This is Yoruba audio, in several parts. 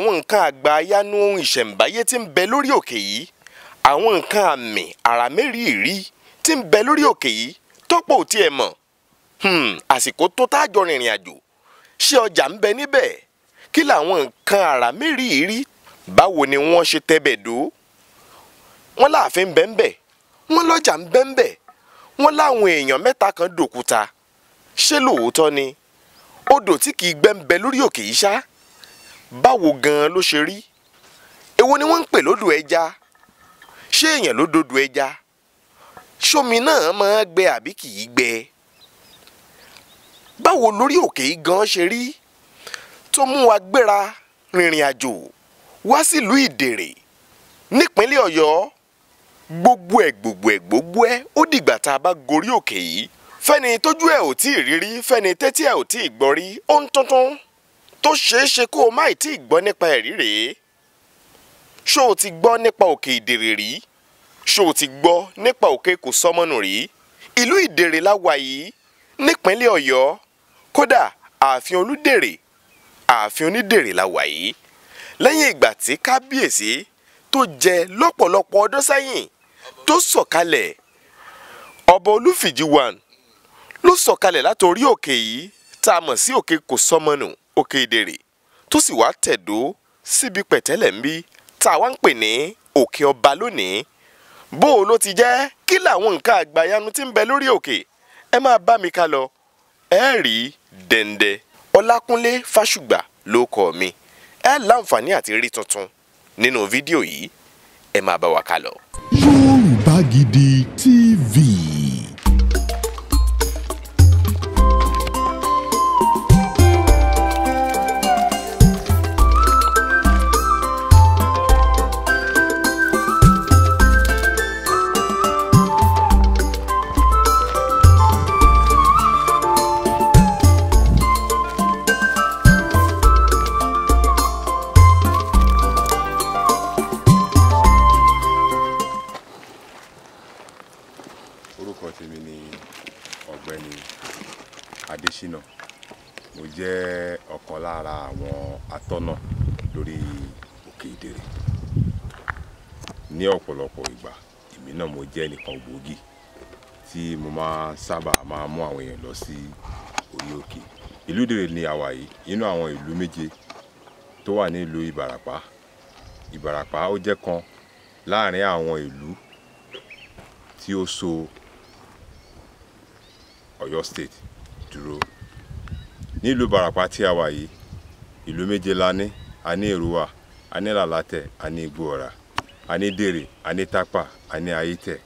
àwọn nǹkan àgbàyanu ohun ìṣẹ̀ǹbáyé tí ń bẹ lórí òkè yìí àwọn nǹkan àmì àrà mẹ́rìírí tí ń bẹ lórí òkè yìí tọ́pọ̀ ò tiẹ̀ mọ̀ hmm, àsìkò tó tájọ rìnrìn àjò ṣé ọjà ń bẹ níbẹ̀ kí làwọn nǹkan àrà mẹ́rìírí báwo ni wọ́n ṣe tẹ́bẹ̀ dó wọ́n láàfin bẹ́ńbẹ́ wọ́n lọ́jà ń bẹ́ńbẹ́ wọ́n láwọn èèyàn mẹ́ta kan dòkúta ṣé lóòótọ́ ni odò tí kì gbẹ́ ń bẹ lórí òkè yìí ṣáá báwo gan-an ló ṣe rí èwo ni wọ́n ń pè lódò ẹja ṣé èèyàn ló dodò ẹja ṣómi náà máa gbẹ àbí kì í gbẹ báwo lórí òkè yìí gan-an ṣe rí tó mú wa gbéra rìnrìn àjò wá sílùú ìdèrè nípínlẹ̀ ọ̀yọ́ gbogbo ẹ̀ gbogbo ẹ̀ gbogbo ẹ̀ ó dìgbà tá a bá gorí òkè yìí fẹ́ni tójú ẹ̀ ò tí ì rírí fẹ́ni tẹ́tí ẹ̀ ò tí ì gbọ́ rí ó ń tuntun tó ṣeé ṣe kó o má ì tí ì gbọ́ nípa ẹ̀rí rèé ṣó o ti gbọ́ nípa òkè ìdèrè rí ṣó o ti gbọ́ nípa òkè kò sọmọnù rí ìlú ìdèrè la wà yìí nípínlẹ̀ ọ̀yọ́ kódà ààfin olúdèrè ààfin onídèrè la wà yìí lẹ́yìn ìgbà tí kábíyèsí tó jẹ lọ́pọ̀lọpọ̀ ọdún sẹ́yìn tó sọ̀kalẹ̀ ọba olúfìjì wan ló sọ̀kalẹ̀ látòrí òkè yìí tá a mọ̀ sí òkè kò sọmọnù òkè ìdèrè tó sì wá tẹ̀dó síbi pẹ̀tẹ́lẹ̀ ń bí tá a wá ń pè ní òkè ọba lónìí bó o ló ti jẹ́ kí làwọn nǹkan àgbàyanu ti ń bẹ lórí òkè ẹ máa bá mi ká lọ ẹ rí dẹ̀ǹdẹ̀ ọlákúnlé fásùgbà ló kọ mi ẹ láǹfààní àti rí tuntun nínú fídíò yìí ẹ máa bá wa ká lọ. Yorùbá Gidi TV. sábà máa mú àwọn èèyàn lọ sí orí òkè ìlú Ìdèrè ni àwa yìí inú àwọn ìlú méje tó wà ní ìlú Ìbàràpá Ìbàràpá ó jẹ́ kan láàrin àwọn ìlú tí ó so Ọ̀yọ́ state dúró nílùú Ìbàràpá tí a wà yìí ìlú méje la ní a ní Èrúwà a ní Làlátẹ̀ a ní Igbó a ní Dèrè a ní Tápà a ní Ayétẹ̀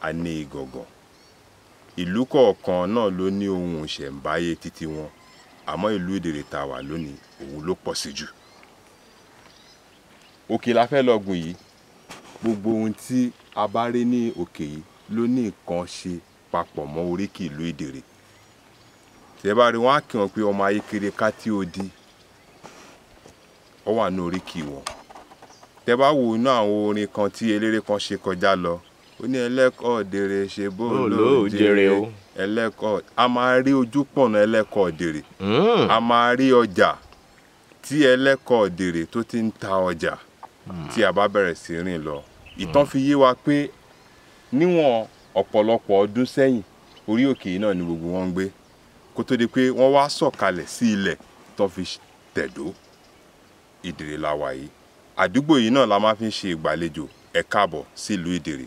a ní Ìgàngàn ìlú kọ̀ọ̀kan náà ló ní ohun ìṣẹ̀ǹbáyé títí wọn àmọ́ ìlú Ìdèrè tá a wà lónìí òun ló pọ̀ sí jù. òkè la fẹ́ lọ gùn yìí gbogbo ohun tí a bá rí ní òkè yìí ló ní nǹkan ṣe papọ̀ mọ́ oríkì ìlú Ìdèrè tẹ́ bá rí wọn á kí wọn pé ọmọ ayé kéré ká tí ó di ọ wà ní oríkì wọn tẹ́ bá wo inú àwọn orin kan tí eléré kan ṣe kọjá lọ ó ní ẹlẹ́kọ̀ òdèrè ṣe bó ló jèrè o ẹlẹ́kọ̀ a máa rí ojúpọ̀nà ẹlẹ́kọ̀ òdèrè hmm. a máa rí ọjà tí ẹlẹ́kọ̀ òdèrè tó ti ń ta ọjà hmm. tí a bá bẹ̀rẹ̀ sí rìn lọ hmm. ìtàn fi yé wa pé níwọ̀n ọ̀pọ̀lọpọ̀ ọdún sẹ́yìn orí òkè yìí náà ni gbogbo wọn ń gbé kó tó di pé wọ́n wá sọ̀kalẹ̀ sí ilẹ̀ tó fi tẹ̀dó ìdèrè la wà yìí àdúgbò yìí náà la máa fi ń ṣe ìgbàlejò ẹ káàbọ̀ sílùú ìdèrè.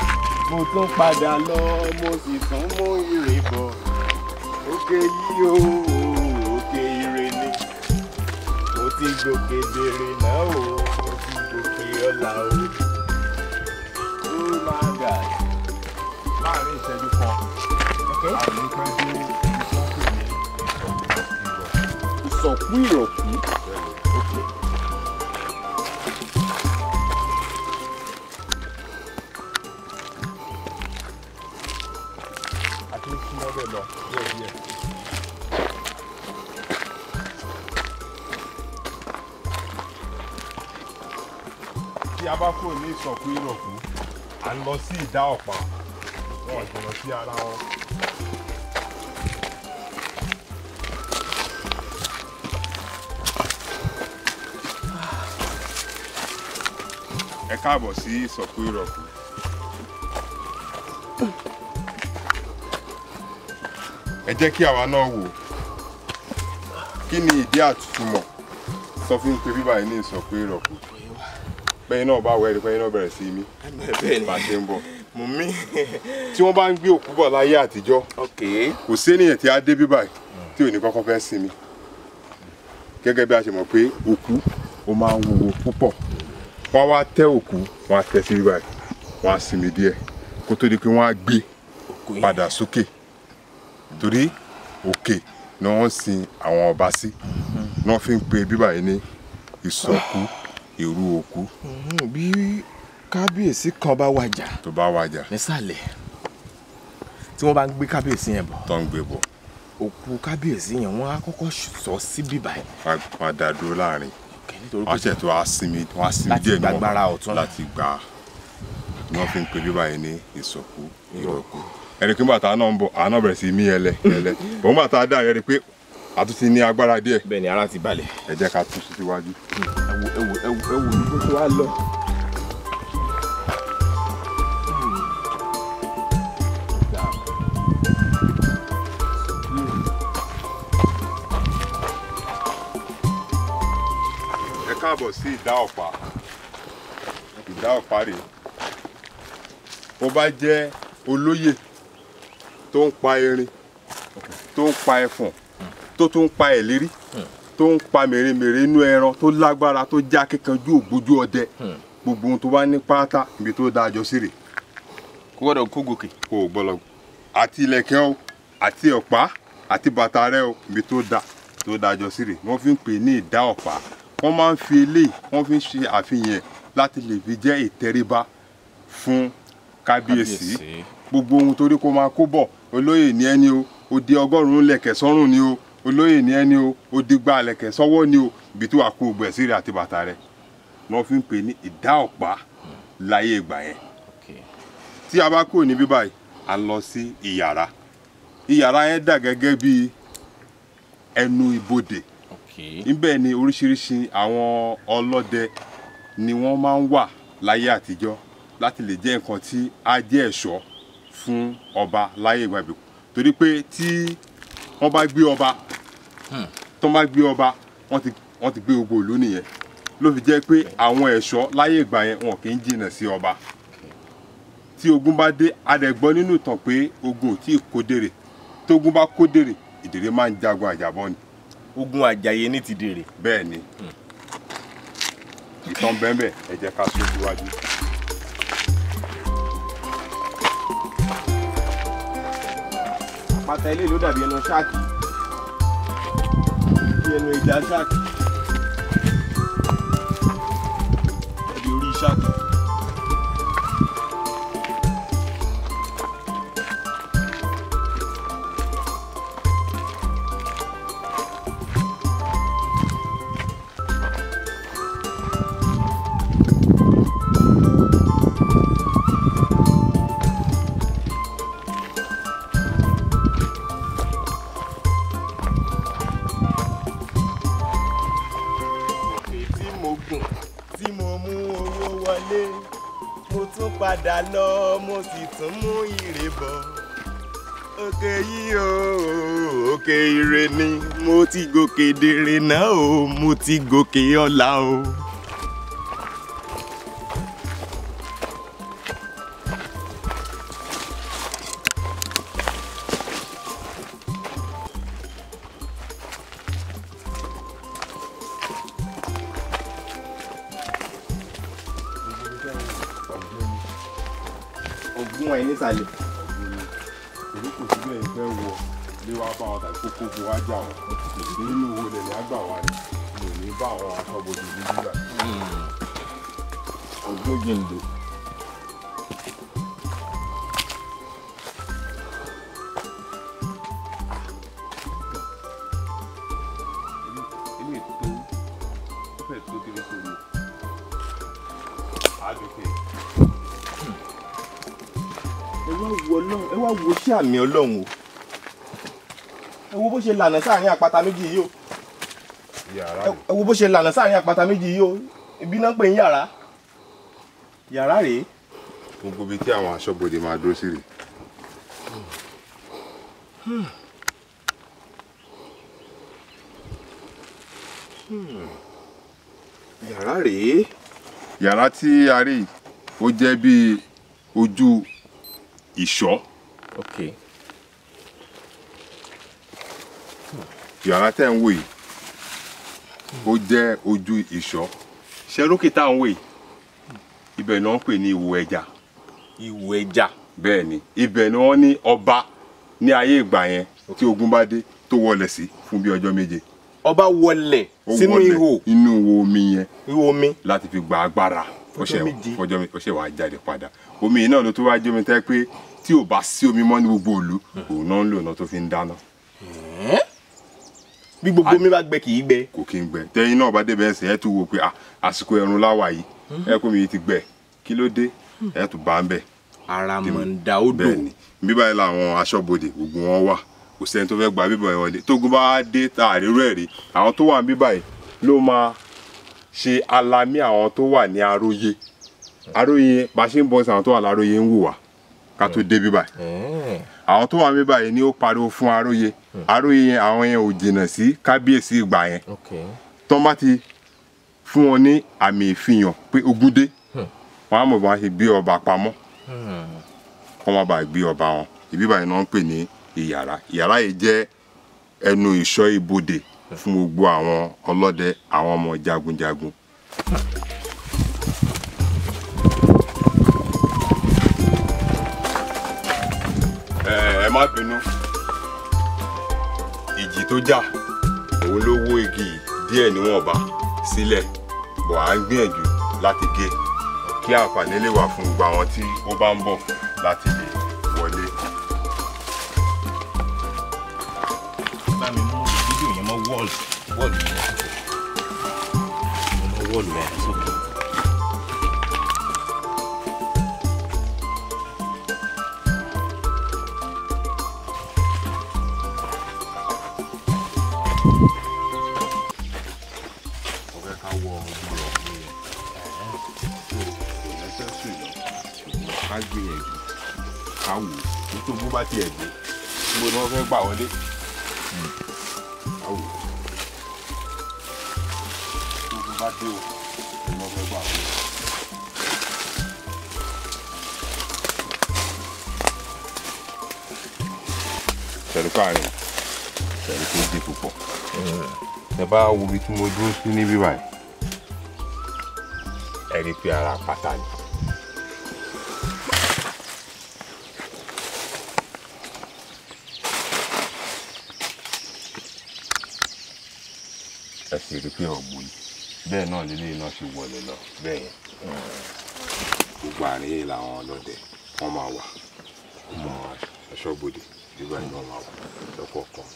mo tún padà lọ mo sì tún mú ire bọ̀ òkè yìí o òkè ire ni mo ti gòkè dèrè náà o mo ti gòkè ọ̀la o ó oh máa gà láàrin ìṣẹ́jú kan àmì pẹ́ dé ìsọ̀kú ìrọ̀kú. ìsọ̀kú ìrọ̀kú à ń lọ sí ìdá ọ̀pá wọn ìjìnà sí ara wọn. ẹ káàbọ̀ sí ìsọ̀kú ìrọ̀kú. ẹ jẹ́ kí àwa náà wò kí ni ìdí àtútù mọ̀ sọ fún pé bíbáyìí ní ìsọ̀kú ìrọ̀kú pẹ́yìn náà bá wẹ̀rí pẹ́yìn náà bẹ̀rẹ̀ sí mi bá ṣe ń bọ̀ mú mi. tí wọ́n bá ń gbé òkú bọ̀ láyé àtijọ́ kò sénìyàn tí a dé bí báyìí tí ò ní kọ́kọ́ fẹ́ sinmi gẹ́gẹ́ bí a ṣe mọ̀ pé òkú ó máa ń wúwo púpọ̀ wọ́n wá tẹ́ òkú wọ́n á tẹ́ sí bí báyìí wọ́n á sinmi díẹ̀ kó tó di pé wọ́n á gbé padà sókè torí òkè ni wọ́n ń sin àwọn ọba sí mhm. ni wọ́n fi ń pe bí báyìí ní ìsọ̀kú irú òkú. Mhm, bí kábíyèsí kan bá wàjà. tó bá wàjà. nísàlẹ̀ tí wọ́n bá ń gbé kábíyèsí yẹn bọ̀. tó ń gbé bọ̀. òkú kábíyèsí yẹn wọ́n á kọ́kọ́ sọ síbí báyìí. wọ́n á dá dúró láàrin ọ̀sẹ̀ tó a sinmi tó a sinmi díẹ̀ ní wọn láti gba ni wọn fi ń pe bíbá yìí ní ìsọkú ìrọkú ẹni pé bàtà náà ń bọ àná bẹ̀rẹ̀ sí mí ẹlẹ ẹlẹ òun bàtà dá rẹ rí pé a ní agbára díẹ̀ bẹ́ẹ̀ ara ti balẹ̀ ẹ jẹ́ ká tún sí síwájú. Hmm, ẹ wo ẹ wo ẹ wá lọ. ẹ káàbọ̀ sí ìdá ọ̀pá ìdá ọ̀pá rèé bó bá jẹ́ olóyè tó ń pa erin tó ń pa ẹfọ̀n tó tún ń pa ẹ̀lírí. E tó ń pa mèremère inú ẹran tó lágbára tó já kíkanjú ògbójú ọdẹ hmm. gbogbo ohun tó bá ní pátá ibi tó dáa jọ sí rè. kó gbọ́dọ̀ kó gòkè. kó o gbọ́dọ̀ àti ilẹ̀kẹ̀ o àti ọ̀pá àti bàtà rẹ o ibi tó dáa tó dáa jọ sí rè wọ́n fi ń pè ní ìdá ọ̀pá wọ́n máa ń fi eléyìí wọ́n fi ń ṣe àfihàn láti lè fi jẹ́ ìtẹríba fún kábíyèsí gbogbo ohun torí kó máa kó bọ̀ olóyè ní ẹni o ó di ọgọ́rùn-ún ni o olóyè ni ẹni o odigba àlẹ̀kẹ̀ sọ́wọ́ ni o ibi tí wàá kó gbogbo ẹ̀ sí rẹ̀ àti bàtà rẹ̀ wọ́n fi ń pè ní ìdá ọ̀pá láyé ìgbà yẹn tí a bá kúrò níbí báyìí a lọ sí ìyàrá ìyàrá yẹn dà gẹ́gẹ́ bí ẹnu ibodè níbẹ̀ ni oríṣiríṣi àwọn ọlọ́dẹ ni wọ́n máa ń wà láyé àtijọ́ láti lè jẹ́ nǹkan tí á jẹ́ ẹ̀ṣọ́ fún ọba láyé ìgbà ìbíkú torí pé tí wọ́n bá gbé ọba Hmm. tó má gbé ọba wọ́n ti gbé gbogbo ìlú nìyẹn ló fi jẹ́ pé àwọn ẹ̀ṣọ́ láyé ìgbà yẹn wọn kì í jìnnà sí ọba tí ogun bá dé adẹ̀gbọ́ nínú ìtàn pé ogun ò tí ì kódèrè tógun bá kódèrè ìdèrè máa ń jagun àjàbọ́ ni. ogun àjàyè ní ti dèrè. bẹ́ẹ̀ ni hmm. ìtàn bẹ́ẹ̀ ẹ jẹ́ ká sọ síwájú. àpáta ló dàbí ẹnu ṣáàkì ẹnu ìdá ṣáàkì ẹbí orí ṣáàkì. sàn mú ire bọ̀ òkè yìí o òkè ire ni mo ti gòkè dèrè náà o mo ti gòkè ọ̀la o. wá ẹ wá wo iṣẹ́ àmì ọlọ́run o ẹ wo bó ṣe lànà sáàrin àpáta méjì yìí o ẹ wo bó ṣe lànà sáàrin àpáta méjì yìí o ibi náà pè ń yàrá yàrá rèé. gbogbo ibi tí àwọn aṣọ́bodè máa dúró sí rèé. yàrá rèé. yàrá tí a rí ó jẹ́ bíi ojú ìṣọ́. okay. Hmm. You are ń wò yìí ó jẹ́ ojú ìṣọ́ ṣé rókè tá à ń wò ni wọ́n Iweja. pè ní ìwò ẹja. ni ibẹ̀ ni wọ́n ní ọba ní ayé ìgbà yẹn tí ogun bá dé tó wọlẹ̀ sí fún bí ọjọ́ méje. ọba wọlẹ̀ sínú ihò inú ihò omi yẹn ihò omi láti fi gba agbára fọjọ́ méje fọjọ́ méje ó ṣe wàá jáde padà omi yìí náà ló tó wá jẹ́ omi tẹ́ pé tí ò bá sí omi mọ́ ní gbogbo ìlú òun náà ń lò náà tó fi ń dáná. bí gbogbo omi bá gbẹ kì í gbẹ. kò kí ń gbẹ tẹyin náà bá débẹ̀ ẹsẹ̀ ẹ tún wò pé àsìkò ẹ̀rùn láwà yìí hmm. ẹ kó mi yìí ti gbẹ kí ló dé hmm. ẹ tún bá ń bẹ. ara mọ̀ ń da ó dò. bẹ́ẹ̀ni bí báyìí làwọn aṣọ́bodè gbogbo wọn wà kò sẹ́ni tó fẹ́ gba bíbọ̀ ẹ̀ wọlé tógun bá dé ta àrírú rí àwọn tó wà ń bíbáyìí ló máa ṣe alamí àwọn tó wà ní aróyé Aróyé bá ṣe ń bọ́ sí àwọn tó wà láróyé ń wùwà ká tó débi báyìí àwọn tó wà mí báyìí ni ó pariwo fún Aróyé Aróyé hmm. àwọn yẹn ò jìnnà sí kábíyèsí ìgbà yẹn tó má ti fún wọn ní àmì ìfihàn pé ogun dé hmm. wọn á mọ̀ bí wọ́n ṣe gbé ọba pamọ́ hmm. kọ́ má bàa gbé ọba wọn ibi báyìí ni wọ́n ń pè ní ìyàrá ìyàrá yìí jẹ́ ẹnu ìṣọ́ ibodè fún gbogbo àwọn ọlọ́dẹ àwọn ọmọ jagunjagun. má bínú ìjì tó jà òun ló wó igi díẹ̀ níwọ̀nba sílẹ̀ bọ̀ à ń gbìyànjú láti gé kí àǹfààní lè wà fún gbogbo àwọn tí ó bá ń bọ̀ láti lè wọlé. bá mi mú fídíò yẹn mọ́ wọ́ọ̀lù wọ́ọ̀lù yẹn mọ́ wọ́ọ̀lù yẹn sókè. ìrẹsẹ̀ sùn lọ ó tó púpọ̀ ẹ bá wo ibi tí mo dúró sí níbí báyìí ẹni pé ara pátá ni. ẹ sì rí pé ọ̀gbù yìí bẹ́ẹ̀ náà nílé iná ṣe wọlé lọ bẹ́ẹ̀ gbogbo àárín yìí làwọn ọlọ́dẹ wọ́n máa wà ọmọ aṣọ́bodè bíbá yìí wọ́n máa wà lọ́kọ̀ọ̀kan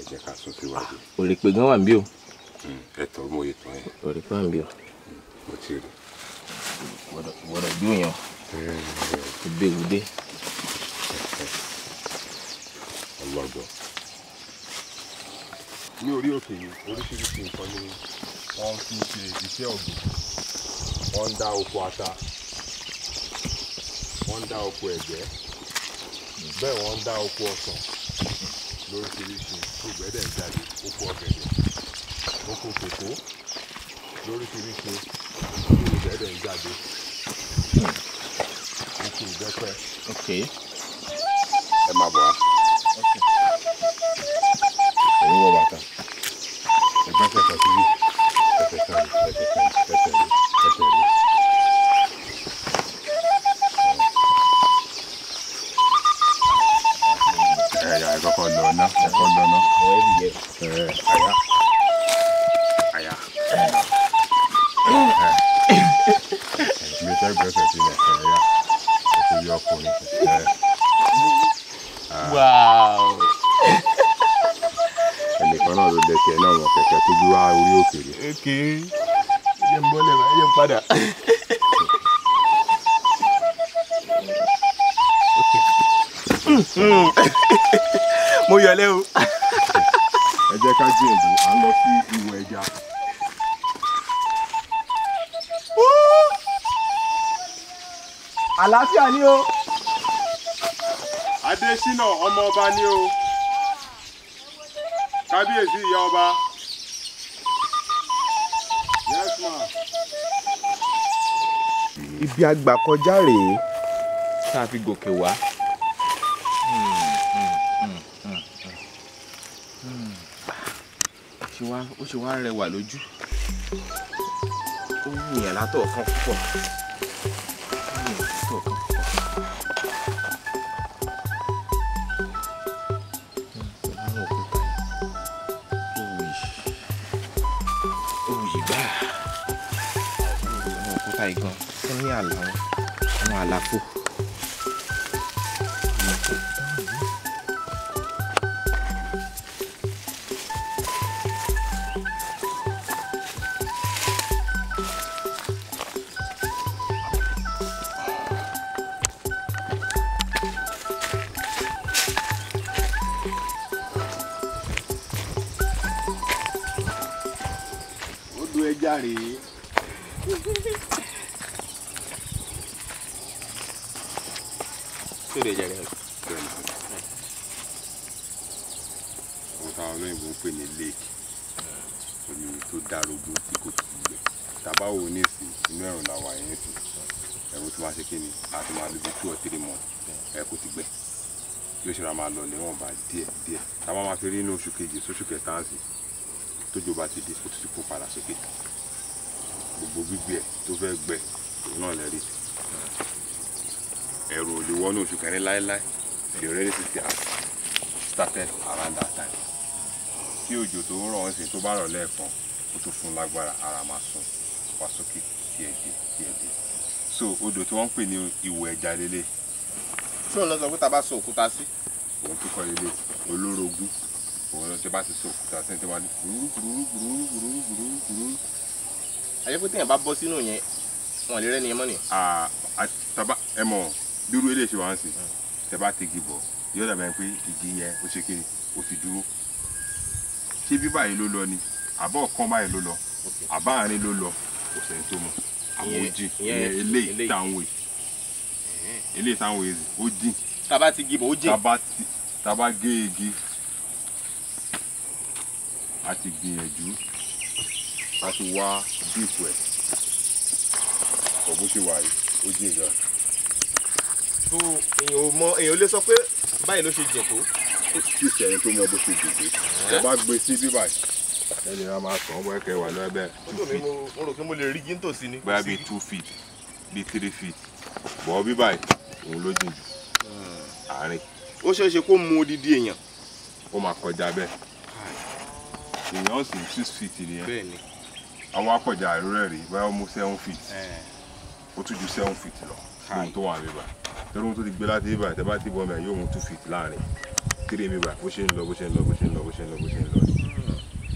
ẹ jẹ́ ká sọ síwájú. òrèpè gan wà ń bí o mo yẹ tán yẹn. lórí pàǹbì o. mo ti rí. gbọ́dọ̀ dúnyàn. ìbéwúdé. ọlọ́dọ̀. ní orí òkè yìí oríṣiríṣi nǹkan ni wọ́n fi ṣe iṣẹ́ ọ̀gbìn wọ́n ń dá oko ata wọ́n ń dá oko ẹ̀gẹ́ bẹ́ẹ̀ wọ́n ń dá oko ọsàn lóríṣiríṣi tó gbẹ́dẹ̀ jáde oko ọ̀gẹ̀dẹ̀ oko kòkó lóríṣiríṣi tí ìbẹ́rẹ̀ ń jáde oko ìbẹ́pẹ. ẹ máa bọ̀ wá. ẹ̀yin wọ bàtà ẹ̀gbọ́n kẹta sí ẹ̀kẹta ẹ̀kẹta ẹ̀kẹta. òkè ẹ̀jẹ̀ ń bọ́lẹ̀ wá ẹ̀jẹ̀ ń padà. mo yọlé o. ẹ jẹ́ ká gbìyànjú à ń lọ sí ìwọ ẹja. àlàáfíà ni o. adésínà ọmọ ni o kábíyèsí ìyá ọba. ibi àgbà kọjá rèé tá a fi gòkè wá. ó ṣe wá rẹwà lójú ó wù yàn látọ̀ kan púpọ̀. Saigon. Kanyal, halafu. bá rọ̀ lẹ́ẹ̀kan ó tún fún lágbára ara máa sún wá sókè díẹ̀ díẹ̀ díẹ̀ díẹ̀ so odò tí wọ́n ń pè ní ìwò ẹja lélẹ̀. tí òun lọ sọ pé tá a bá so òkúta sí. òun tún kọ lélẹ̀ olórogún òun lọ tí bá ti so òkúta sí tí wọ́n ní gbùrúgbùrúgbùrúgbùrúgbùrú. àyè pé téèyàn bá bọ́ sínú yẹn wọn lè rẹ́ni mọ́ ni. ẹ mọ̀ bí eléyìí ṣe wá ń sìn tẹ bá ti gbìbọ̀ yóò dàbẹ̀ pé igi yẹn ó ṣe kí ó ti dúró ṣé bí báyìí ló lọ ni àbá ọ̀kan báyìí ló lọ àbá àárín ló lọ kò sẹ́ni tó mọ̀ àwọn ojì ìyẹn eléyìí táwọn èyí eléyìí táwọn èyí ó dín. tába ti gé bọ̀ ó jẹ́. tába gé igi a ti gbìyànjú a ti wá bíìpù ẹ̀ ọ̀bùn ṣe wà yìí ó jìn gan. tó èèyàn ò mọ èèyàn ò lè sọ pé báyìí ló ṣe jẹ̀ tó kí ìsì tó mọ bó ṣe dìde ẹ bá gbé sí bí báyìí ẹni a máa sàn wọ́n kẹ́ wà lọ́bẹ̀ two feet mo rò pé mo lè rí gíntòsí ni. bóyá bíi two feet bíi three feet bọ́ bí báyìí òun ló jìn jù àárín. ó ṣeé ṣe kó mu odidi èèyàn. ó máa kọjá bẹ́ẹ̀ èèyàn sì six feet nìyẹn. àwọn akọjà àìrúrẹ rèé báyọ mú seven feet ó tún ju seven feet lọ ohun tó wà níbà tẹ́lẹ̀ ohun tó ti gbé láti ibà tẹ́ bá ti bọ́ mi yóò mú two feet láàrin kiri mi báyìí bó ṣe ń lọ bó ṣe ń lọ bó ṣe ń lọ bó ṣe ń lọ bó ṣe ń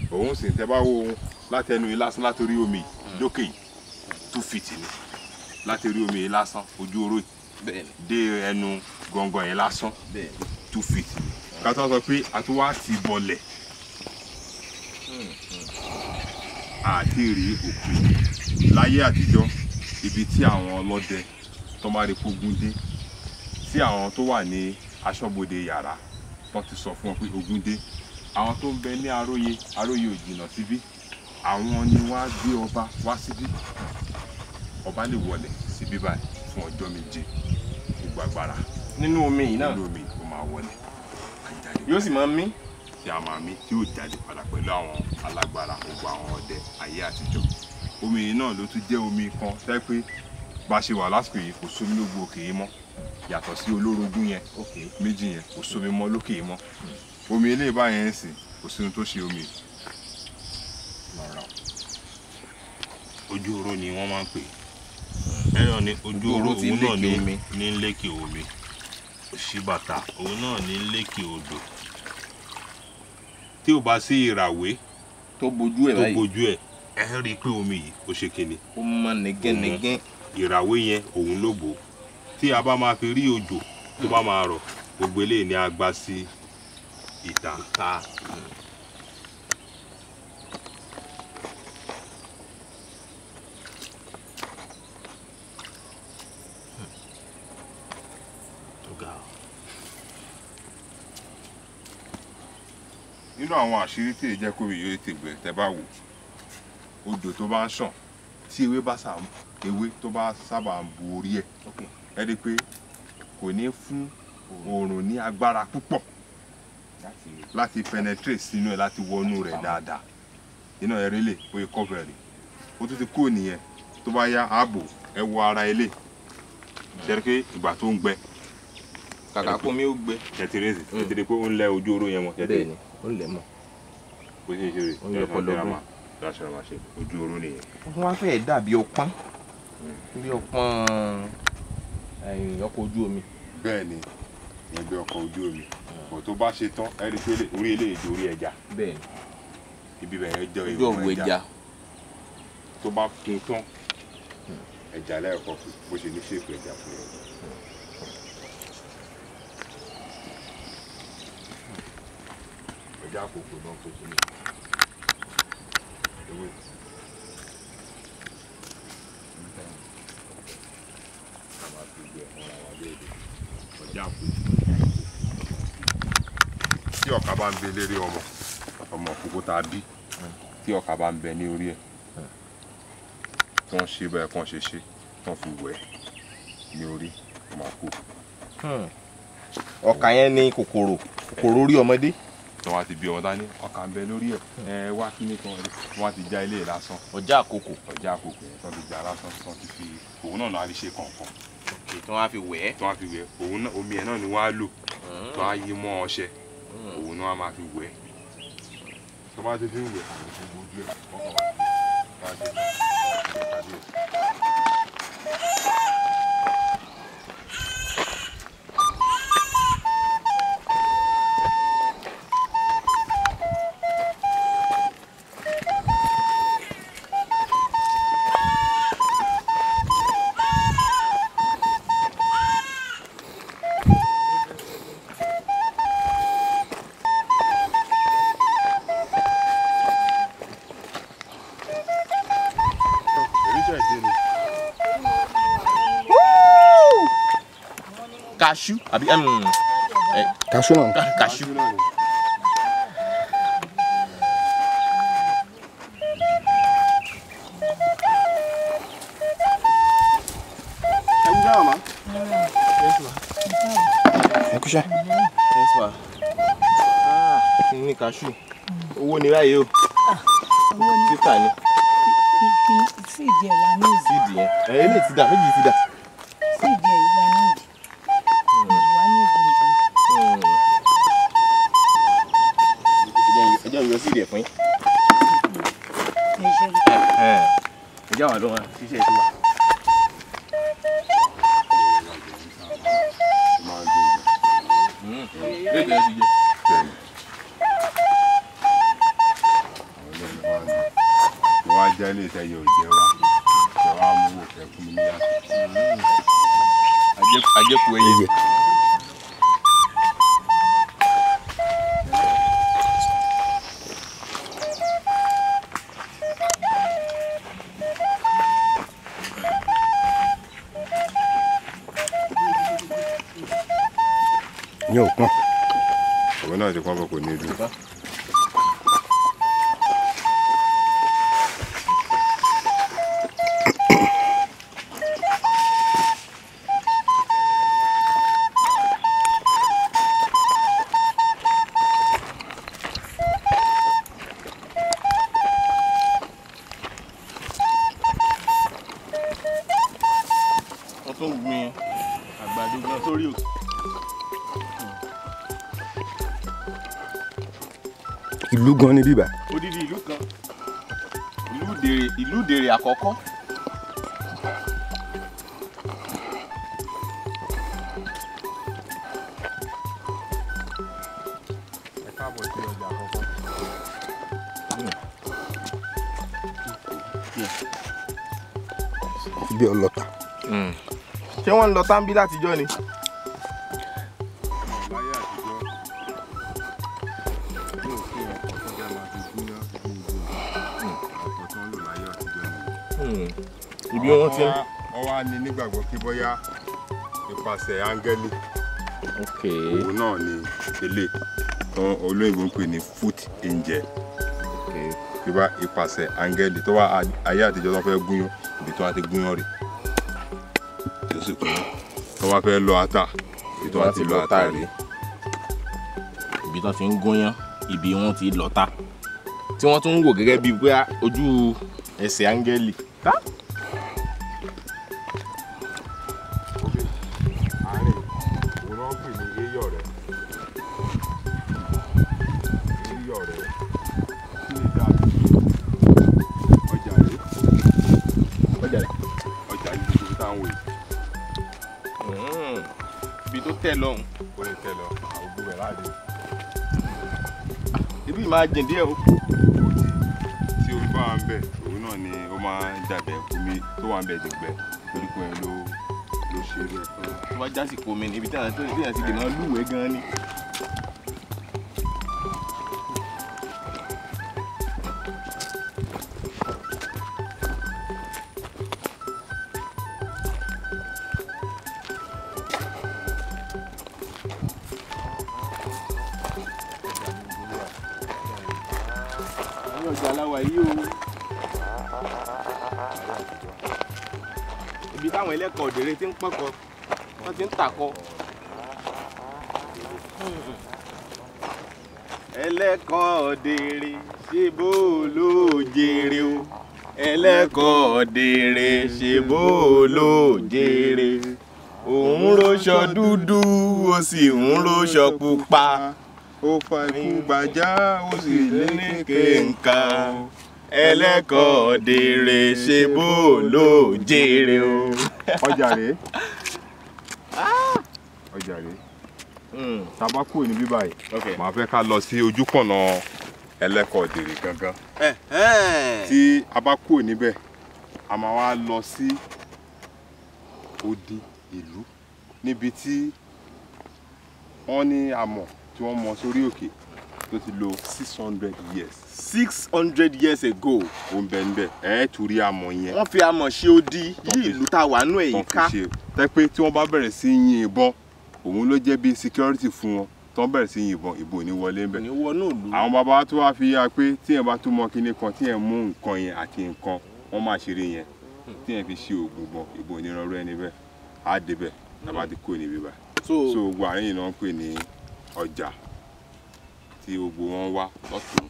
lọ òun sì ń tẹ́ bá wo òun látẹnu yìí lásán látòrí omi lókè yìí two feet ni látòrí omi yìí lásán ojú oró yìí dé ẹnu gọ̀ǹgọ̀ yìí lásán two feet ni kátó sọ pé àtúwá ti bọ̀lẹ̀ àti rí òpin láyé àtijọ́ ibi tí àwọn ọlọ́dẹ tó máa dé tí àwọn tó wà ní aṣọ́bodè yàrá wọ́n ti sọ fún ọ pé ogun dé àwọn tó ń bẹ ní aróye aróye ò jìnnà síbí àwọn ni wọ́n á gbé ọba wá síbí ọba lè wọlé síbí báyìí fún ọjọ́ méje gbogbo agbára nínú omi yìí náà nínú omi ó máa wọlé yóò sì máa mí tí a máa mí tí yóò jáde padà pẹ̀lú àwọn alágbára gbogbo àwọn ọdẹ ayé àtijọ́ omi yìí náà ló tún jẹ́ omi kan tẹ́ pé bá a ṣe wà lásìkò yìí kò sómi lógbó òkè yìí mọ́ yàtọ̀ sí olórogún yẹn méjì yẹn kò sómi mọ́ lókè mọ́ omi eléyìí báyẹn ń sìn kò sínú tó ṣe omi ojú oró ni wọ́n máa ń pè ẹ̀rọ ni ojú oró òun náà ní ń lékè omi òṣìbàtà òun náà ní ń lékè odò tí ò bá sí ìràwé tó bojú ẹ̀ báyìí tó bojú ẹ̀ ẹ̀ rí i pé omi yìí ó ṣe kíni ó mọ nìgẹ́nìgẹ́ ìràwé yẹn òun ló bò ó tí a bá máa fi rí òjò tó bá máa rọ̀ gbogbo eléyìí ni a gba sí ìtànká. nínú àwọn àṣírí tí èjẹ́ kórè yóò ti gbẹ tẹ́ bá wò odò tó bá ń ṣàn tí ewé bá sábà ń bu orí ẹ̀. Okay ẹ rí i pé kò ní fún oòrùn ní agbára púpọ̀ láti penetrate sínú ẹ láti wọnú rẹ dáadáa iná ẹ rí lè oye cover o ó tún ti kú nìyẹn tó bá yá ààbò ẹ wọ ara ilé ṣẹ́rí pé ìgbà tó ń gbẹ. kàkà kó mi ó gbẹ. tẹ̀tẹ̀rẹ́sì tẹ̀tẹ̀rẹ́ pé ó ń lẹ ojú oró yẹn mọ́ tẹ̀tẹ̀rẹ́. bẹ́ẹ̀ni ó ń lẹ mọ́. bó ṣe ń ṣe rè é ẹ fọ́n tẹ́ra máa láṣọ máa ṣe ojú oró nìyẹn. wọ́n wá fẹ́ẹ̀ dàbí ọpọ́n bí ọpọ́n ọkọ̀ ojú omi. bẹ́ẹ̀ ni ìyẹn gbé ọkọ̀ ojú omi kò hmm. tó bá ṣe tán ẹni pé orí ilé èdè orí ẹja. bẹ́ẹ̀ ni ibi bẹ̀rẹ̀ jẹ́ ìwọ̀n ẹja tó bá tó tán hmm. ẹja lẹ́ẹ̀kọ́ bó ṣe ní ṣèpè ẹja fún ẹ. Hmm. ẹja àkókò náà tó tún ní ewé. bá ń bẹ eléré ọmọ ọmọ kókó tá a bí tí ọkà bá ń bẹ ní orí ẹ̀ tí wọ́n ṣe bẹ́ẹ̀ kàn ṣe ṣe tán fi wẹ̀ ní orí ọmọ kó. Hmm. ọkà yẹn ní kòkòrò kòkòrò orí ọmọdé tọ́ wa ti bí ọmọ dání ọkà ń bẹ lórí ẹ̀ ẹ wá kíní kan wọ́n ti já ilé ẹ̀ lásán. ọjà àkókò ọjà àkókò yẹn tọ́ ti já lásán tọ́ ti fi òun náà náà á fi ṣe kọ̀ọ̀kan. òkè tí wọ́n á fi wẹ̀ ẹ́. tí wọ́n á fi wẹ̀ ẹ́ òun omi ẹ̀ náà ni wọ́n á lò hmm. tí wọ́n á yí mọ́ ọṣẹ ni wọ́n máa fi wẹ̀ tó bá ti fi wẹ̀ àwọn tó gbójú ẹ̀ kọ́kọ́ wá kaṣú àbí kaṣú náà kaṣú. ẹ kúṣẹ́. ẹ sọ kí ni kaṣú owó ni báyìí o títà ni. sí ìdí ẹ̀ la ní ìsìn. sí ìdí ẹ̀ ẹ̀ ẹ́ lè ti dà méjì ti dà. 就光把过年了。gan ni bíbá. odidi ìlú kan ìlú ìdèrè àkọ́kọ́. bí ọlọ́ta. Hmm. ṣé wọ́n ń lọ tábí látijọ́ ni. yóò ti. wọ́n wá ní nígbàgbọ́ kí bóyá nípasẹ̀ áńgẹ́lì òun náà ni ilé tó olóyìnbó ń pè ní foot angel kí bá ipasẹ̀ áńgẹ́lì tó wá ayé àtijọ́ tó fẹ́ gúnyán ibi tó wá ti gúnyán rè tó sì kúnyán tó wá fẹ́ lọ ata ibi tó wá ti lọ ata rè. ibi tó ti ń gúnyán ibi wọn ti lọ́ta tí wọ́n tún ń wò gẹ́gẹ́ bíi pé ojú ẹsẹ̀ áńgẹ́lì. rọra jìn díẹ̀ o. tí omi bá wà ń bẹ òun náà ni ó máa ń dàbẹ̀ omi tó wà ń bẹ ti gbẹ koríko yẹn ló ló ṣe é bẹ́ẹ̀. tó bá jásìkò omi níbi tí àwọn tó ń gbìyànjú dè máa lúwẹ̀ẹ́ gan-an ni. ọ̀nà ìgbàláwà yìí o ibi táwọn ẹlẹ́kọ̀ọ́ òdèrè ti ń pọ́kọ wọ́n ti ń tàkọ ẹlẹ́kọ̀ọ́ òdèrè ṣe bó ló jèrè o ẹlẹ́kọ̀ọ́ òdèrè ṣe bó ló jèrè òun róṣọ dúdú ó sì ń róṣọ pupa ó fa ikú gbajá ó sì lékè nǹka ẹlẹ́kọ̀ọ́ dèrè ṣe bó ló jèrè o. ọjà rèé ah! ọjà rèé hmm. tàbá kúrò níbí báyìí màá fẹ́ ká lọ sí ojúkọ̀nà ẹlẹ́kọ̀ọ́ dèrè gangan tí a níbẹ̀ a máa wá lọ sí odi ìlú níbi tí wọ́n ní amọ̀ tí wọ́n mọ sórí òkè tó ti lò six hundred years six hundred years ago ó ń bẹ níbẹ̀ ẹ̀ tún rí amọ̀ yẹn. wọ́n fi amọ̀ ṣe odi yí ìlú tá wà nù èyí ká. tẹ́pẹ́ tí wọ́n bá bẹ̀rẹ̀ sí yin ìbọn òun ló jẹ́ bí security fún wọn tó ń bẹ̀rẹ̀ sí yìnbọn ìbò ní wọlé ń bẹ̀. àwọn bàbá tó wá fi ya pé tí yẹn bá tún mọ kinní kan tí yẹn mú nǹkan yẹn àti nǹkan wọ́n máa ṣeré yẹn hmm. tí yẹn fi ṣe oògùn bọ̀ ìbò onírànlọ́rọ́ ẹni bẹ́ẹ̀ á débẹ̀ tàbá ti kó níbí bá. so gbogbo àárín yìí náà ń pè ní ọjà tí gbogbo wọn wá lọ́tún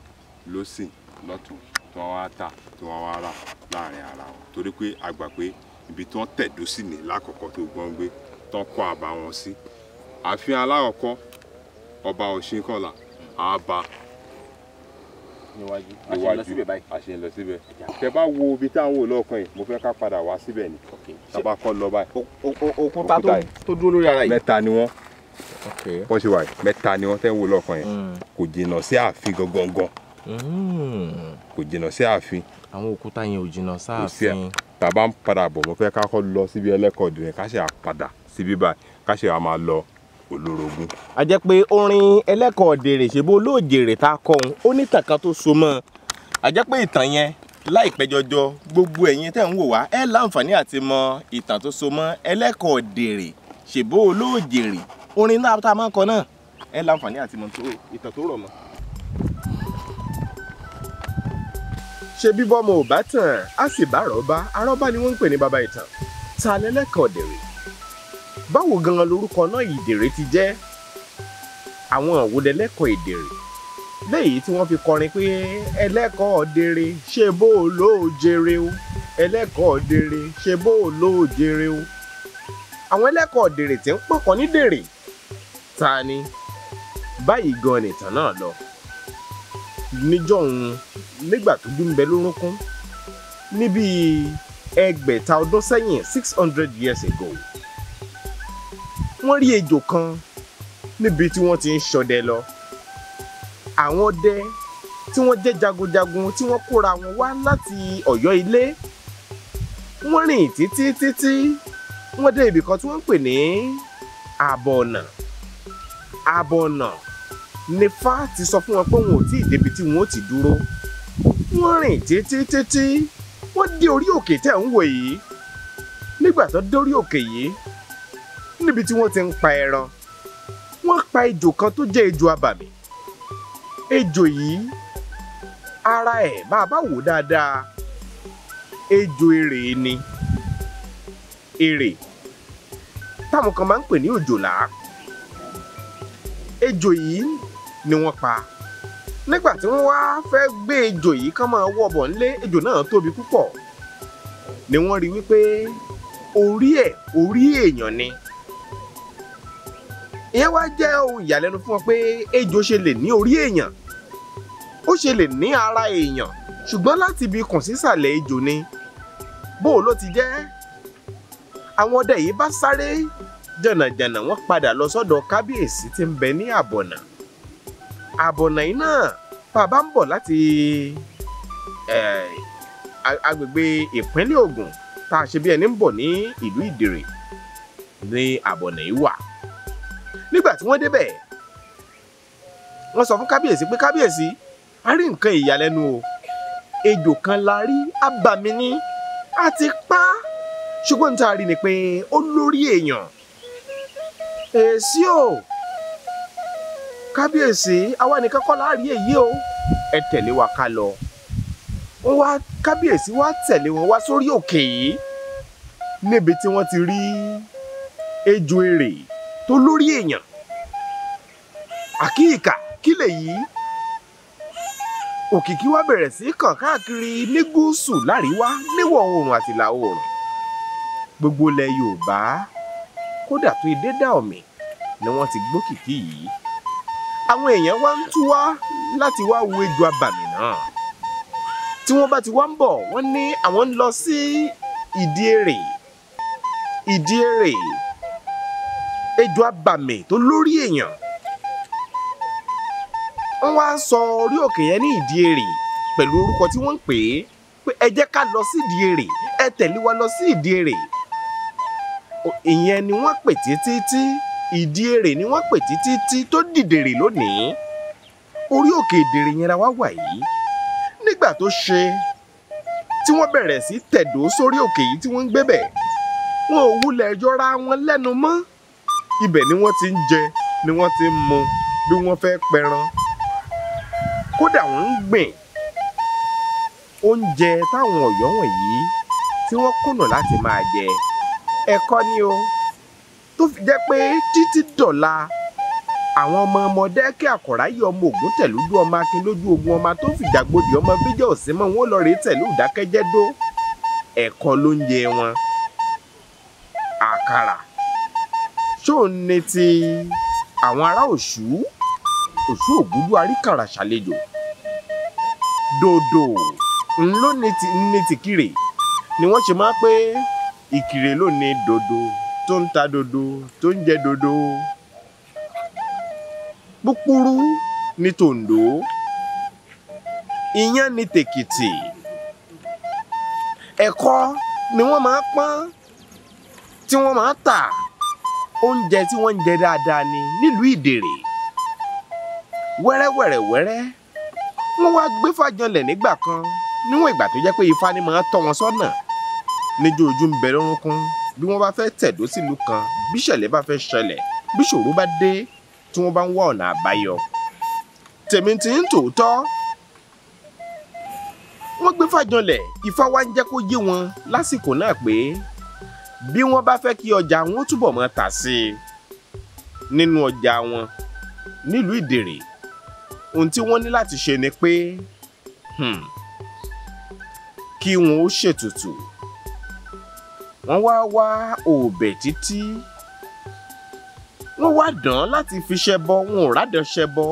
lọ́sìn lọ́tún tí wọ́n wá tà tí wọ́n wá rà láàrin ara wọn torí pé a gbà pé ibi tí wọ́n tẹ̀dó sí ní lákọ̀ọ́kọ́ tó gbọ́n gbé tán kọ́ àbá wọn sí ààfin alákọ̀ọ́kọ́ ọba òṣìkọ́lá àbá níwájú àṣẹ lọ síbẹ̀ tẹ bá wo ibi táwọn wò lọ́ọ̀kan yìí mo fẹ́ ká padà wá síbẹ̀ ni tá a bá kọ́ lọ báyìí òkúta tó dúró lórí ara yìí mẹ́ta ni wọ́n bọ́n ṣe wà mẹ́ta ni wọ́n fẹ́ wò lọ́kàn yẹn mm. kò jìnnà sí ààfin gangan mm. kò jìnnà sí ààfin. àwọn òkúta yẹn ò jìnnà sáàfin. tàbá ń padà bọ̀ mo fẹ́ ká kọ́ lọ síbi ẹlẹ́kọ̀ọ́dún yẹn ká ṣe àpadà síbí báyìí ká ṣe àmà lọ olórogún. a jẹ́ pé orin ẹlẹ́kọ̀ọ́dèrè ṣèbó olóòjèrè tá a kọ òun ó ní tàkà tó so mọ́ ọ a jẹ́ pé ìtàn yẹn láìpẹ́ jọjọ gbogbo ẹ̀yin tẹ́ ń wò wá ẹ láǹfààní àti mọ ìtàn tó so mọ́ ẹlẹ́kọ̀ọ́dèrè ṣèbó olóòjèrè orin náà tá a máa kọ náà ẹ láǹfààní àti mọ̀ tó ìtàn tó rọ̀ mọ́. ṣe bíbọ́ ọmọ ò bá tàn á sì bá àrọ́bá àrọ́bá ni wọ́n ń pè ní baba ìtàn ta lẹ́lẹ́kàn ọ̀dẹ̀rẹ̀ báwo gan-an lorúkọ náà ìdèrè ti jẹ́ àwọn àwòdẹ́lẹ́kọ̀ọ́ ìdèrè léyìí tí wọ́n fi kọrin pé ẹlẹ́kọ̀ọ́ ọ̀dẹ̀rẹ̀ ṣe bó o ló o jèrè o ẹlẹ́kọ̀ọ́ ọ̀dẹ̀rẹ̀ ṣe bó o ló o jèrè o àwọn ẹlẹ́kọ̀ọ́ ọ̀dẹ̀rẹ̀ tí ń pọ̀kàn ní dèrè ta ni báyìí gan ni ìtàn náà lọ níjọ́hun nígbà tó bí ń bẹ lórúnkún níbi ẹgbẹ̀ta ọdún sẹ́yìn six hundred years ago wọ́n rí ejò kan níbi tí wọ́n ti ń ṣọdẹ lọ àwọn ọdẹ tí wọ́n jẹ́ jagunjagun tí wọ́n kóra wọn wá láti ọ̀yọ́ ilé wọ́n rìn títí títí wọ́n dé ibìkan tí wọ́n ń pè ní àbọ̀nà ààbọ̀ ọ̀nà nífà ti sọ fún wọn pé wọn ò tí ì débi tí wọn ò ti dúró wọ́n rìn títítítí wọ́n dé orí òkè tẹ̀ ń wò yìí nígbà tó dórí òkè yìí níbi tí wọ́n ti ń pa ẹran wọ́n pa ejò kan tó jẹ́ ejò abàmì ejò yìí ara ẹ̀ bá a bá wò dáadáa ejò èrè ni èrè táwọn kan máa ń pè ní òjòlá ejò yìí ni wọ́n pa nígbà tí wọ́n wá fẹ́ gbé ejò yìí kán máa wọ̀ bọ̀ nílé ejò náà tóbi púpọ̀ ni wọ́n rí wípé orí ẹ̀ orí èèyàn ni ìyẹn wá jẹ́ ohun ìyàlẹ́nu fún wọn pé ejò ṣe lè ní orí èèyàn ó ṣe lè ní ara èèyàn ṣùgbọ́n láti ibi kùn sísàlẹ̀ ejò ni bó ló ti jẹ́ àwọn ọdẹ yìí bá sáré jànàjànà wọ́n padà lọ sọ́dọ̀ kábíyèsí tí ń bẹ ní àbọ̀nà àbọ̀nà yìí náà bàbá ń bọ̀ láti agbègbè ìpínlẹ̀ Ògùn tá a ṣe bí ẹni ń bọ̀ ní ìlú Ìdìrè ní àbọ̀nà yìí wà nígbà tí wọ́n débẹ̀ wọ́n sọ fún kábíyèsí pé kábíyèsí a rí nǹkan ìyàlẹ́nu o ejò kan la rí abàmì ní a ti pa ṣùgbọ́n tá ni pé ó lórí èèyàn èsì o kábíyèsí àwa nìkan kọ́ láàrí èyí o ẹ tẹ̀lé wa ká lọ wọ́n wá kábíyèsí wá tẹ̀lé wọn wá sórí òkè yìí níbi tí wọ́n ti rí ejò èrè tó lórí èèyàn àkíyèká kí lèyí òkìkí wá bẹ̀rẹ̀ sí kàn káàkiri ní gúúsù láríwá níwọ̀ oòrùn àti ìlà oòrùn gbogbo ilẹ̀ yorùbá kódà tó idé dà ọ̀mì ni wọ́n ti gbókìkí yìí àwọn èèyàn wá ń tú wá láti wá wo ejò abàmì náà tí wọ́n bá ti wá ń bọ̀ wọ́n ní àwọn ń lọ sí ìdí èrè ìdí èrè ejò abàmì tó lórí èèyàn wọ́n wá sọ orí òkè yẹn ní ìdí èrè pẹ̀lú orúkọ tí wọ́n ń pè é pé ẹ jẹ́ ká lọ sí ìdí èrè ẹ tẹ̀lé wa lọ sí ìdí èrè ìyẹn ni wọ́n pè títí tí ìdí èrè ni wọ́n pè títí tí tó dìdèrè lónìí orí òkè ìdèrè yẹn la wá wà yìí nígbà tó ṣe tí wọ́n bẹ̀rẹ̀ sí tẹ̀dó sórí òkè yìí tí wọ́n ń gbé bẹ̀ wọn ò wulẹ̀ yọra wọn lẹ́nu mọ́ ibẹ̀ ni wọ́n ti ń jẹ ni wọ́n ti ń mu bí wọ́n fẹ́ pẹran kódà wọ́n ń gbìn oúnjẹ táwọn ọ̀yọ́ wọ̀nyí tí wọ́n kùnà láti máa jẹ ẹ̀kọ́ ni o tó fi jẹ́ pé títí dọ̀la àwọn ọmọ ọmọdé kí àkọ́ráyé ọmọ ògún tẹ̀lójú ọmọ akin lójú ogun ọmọ tó fìjàgbọdì ọmọ bíjẹ́ òsínmọ́ wọn lọ rèé tẹ̀lé ìdákẹ́jẹ́dó ẹ̀kọ́ ló ń yẹ wọn àkàrà ṣóun ní ti àwọn ará òṣù òṣù ògúdú àríkàrà ṣàlejò dòdò ńlọ ní ti kiri ni wọ́n ṣe máa pé ìkìrè ló ní dòdò tó ń ta dòdò tó ń jẹ dòdò púpúrú ní tòǹdó iyán ní tèkìtì ẹ̀kọ́ ni wọ́n máa pọ́n tí wọ́n máa tà oúnjẹ tí wọ́n ń jẹ dáadáa ni nílùú ìdèrè wẹ́rẹ́wẹ́rẹ́wẹ́rẹ́ wọ́n wá gbé fàjọlẹ̀ nígbà kan níwọ̀n ìgbà tó jẹ́ pé ifá ni máa tọ́ wọn sọ́nà. So níjó ojú ń bẹ lórúnkún bí wọ́n bá fẹ́ tẹ̀dó sílùú kan bí ìṣẹ̀lẹ̀ bá fẹ́ ṣẹlẹ̀ bí ìṣòro bá dé tí wọ́n bá ń wá ọ̀nà àbáyọ. tèmi ti ń tòótọ́ wọ́n gbé fàjọlẹ̀ Ifá wa ń jẹ́ kó yé wọn lásìkò náà pé bí wọ́n bá fẹ́ kí ọjà wọn túbọ̀ mọ́ tà sí i nínú ọjà wọn nílùú Ìdèrè ohun tí wọ́n ní láti ṣe ni pé hmm, kí wọn ó ṣètùtù wọ́n wá wá òòbẹ̀ títí wọ́n wá dán láti fi ṣẹbọ wọn ò rádán ṣẹbọ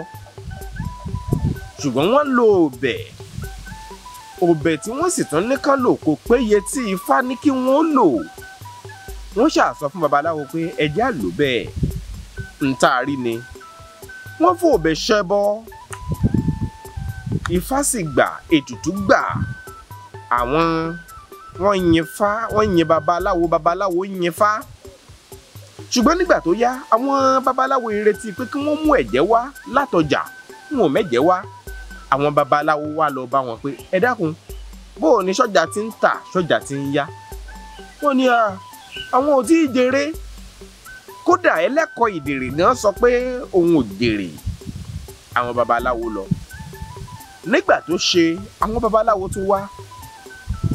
ṣùgbọ́n wọ́n lo òòbẹ̀ òòbẹ̀ tí wọ́n sì tán nìkan lò kò péye tí ifá ní kí wọ́n lò wọ́n ṣàsọ fún babaláwo pé ẹjẹ́ àlò bẹ́ẹ̀ ń tá a rí ni wọ́n fòòbẹ̀ ṣẹbọ ifá sì gbà ètùtù gbà àwọn wọ́n yẹn fá wọ́n yẹn babaláwo babaláwo yẹn fá ṣùgbọ́n nígbà tó yá àwọn babaláwo ìrètí pé kí wọ́n mú ẹ̀jẹ̀ wá látọjà wọn ò mẹ́jẹ̀ wá àwọn babaláwo wá lọ bá wọn pé ẹ dákun bó o ní sọ́jà ti ń tà sọ́jà ti ń yá wọ́n ní àwọn ò tí ì jèrè kódà ẹlẹ́kọ̀ọ́ ìdèrè náà sọ pé òun ò jèrè àwọn babaláwo lọ nígbà tó ṣe àwọn babaláwo tó wá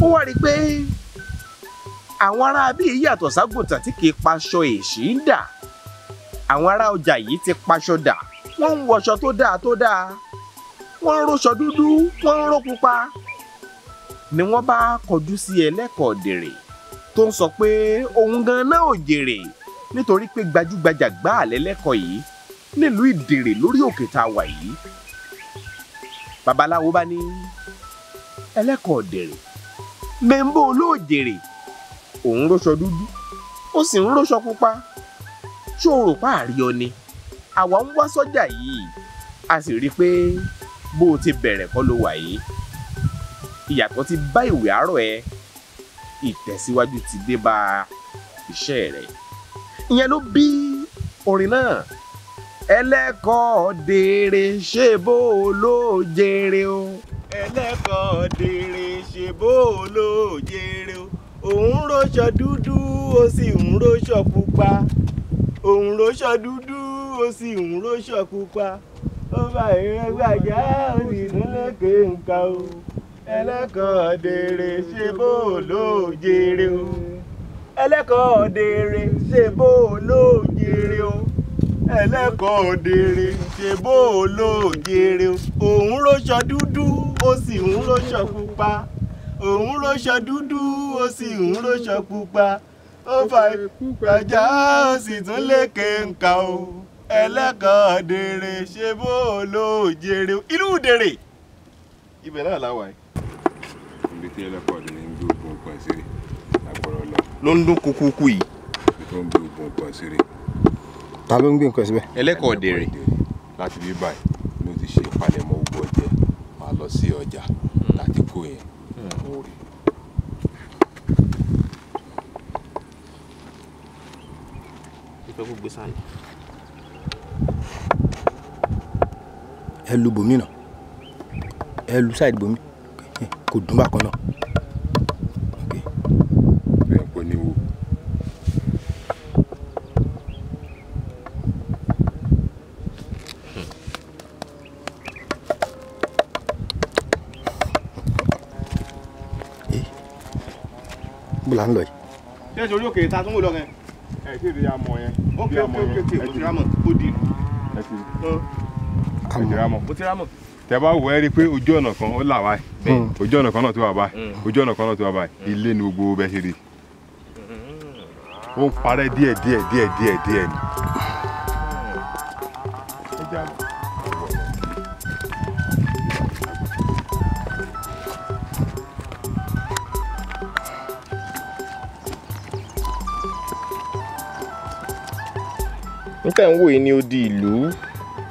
ó wá rí i pé àwọn ará bíi yàtọ̀ ságùntàn tí kì í paṣọ èṣí dà àwọn ará ọjà yìí ti paṣọ dà wọ́n ń wọṣọ tó dáa tó dáa wọ́n ń róṣọ dúdú wọ́n ń ró pupa ni wọ́n bá kọjú sí ẹlẹ́kọ̀ọ́ dèrè tó ń sọ pé òun ganan ò jèrè nítorí pé gbajúgbajà gbá àlẹ́lẹ́kọ̀ọ́ yìí nílùú ìdèrè lórí òkè tá a wà yìí babaláwo bá ní ẹlẹ́kọ̀ọ́ dèrè Bẹ́ńbó olóòjèrè òun róṣọ dúdú ó sì ń róṣọ pupa ṣó o rò pa àríyọ ni àwa ń wá sọ́jà yìí a sì rí i pé bó o ti bẹ̀rẹ̀ kọ́ ló wà yìí ìyàtọ̀ ti bá ìwé àárọ̀ ẹ ìtẹ̀síwájú ti dé bá iṣẹ́ rẹ̀ ìyẹn ló bí orin náà ẹlẹ́kọ̀ọ́ dèrè ṣe bó o lóò jèrè o ẹlẹ́kọ̀ọ́ dèrè ṣèbó olóòjèrè òun róṣọ dúdú ó sì ń róṣọ pupa òun róṣọ dúdú ó sì ń róṣọ pupa ó bá ìrẹ́gbàjá ó sì múlẹ̀kẹ́ nǹkan o ẹlẹ́kọ̀ọ́ dèrè ṣèbó olóòjèrè o ẹlẹ́kọ̀ọ́ dèrè ṣèbó olóòjèrè o ẹlẹ́kọ̀ọ́ òdèrè ṣèbó olóòjèrè òun róṣọ dúdú ó sì ń róṣọ pupa òun róṣọ dúdú ó sì ń róṣọ pupa ó fa ìpàjá ó sì tún lékè ńkà o ẹlẹ́kọ̀ọ́ òdèrè ṣèbó olóòjèrè ìlú òdèrè ibẹ̀ náà la wà yìí. ibi tí ẹlẹ́kọ̀ọ́ òdèrè ń gbé ogun ọ̀pọ̀ ìṣeré lágbọ̀rọ̀ lọ. ló ń dún kúkúkú yìí. ibi tó ń gbé ogun ọ̀pọ̀ ìṣeré ta ló ń gbé nǹkan síbẹ̀. ẹlẹ́kọ̀ọ́ dèrè láti bí báyìí ló ti ṣe ìpalẹ̀mọ́ owó ọjẹ́ máa lọ sí ọjà hmm. láti kó yẹn. Hmm. ìfẹ́ ẹ lu bòmí náà ẹ lu sáìdì bòmí kò dùn bákan náà. bẹ́ẹ̀ kò ní wo. là ń lọ yìí. ṣé ta tún wò lọ́kẹ́. ẹ kí ni a mọ yẹn. ókè ókè ókè ókè mo ti rámọ̀ ó di. tẹ bá wọ ẹ pé ojú ọ̀nà kan ó là wá hmm. ojú ọ̀nà kan náà tó wà báyìí hmm. ojú ọ̀nà kan náà tó wà báyìí hmm. ilé ni gbogbo bẹ́ẹ̀ ṣe rí ó ń parẹ́ díẹ̀ díẹ̀ díẹ̀ díẹ̀ díẹ̀ ni. tẹ̀ ń wò yìí ni ó di ìlú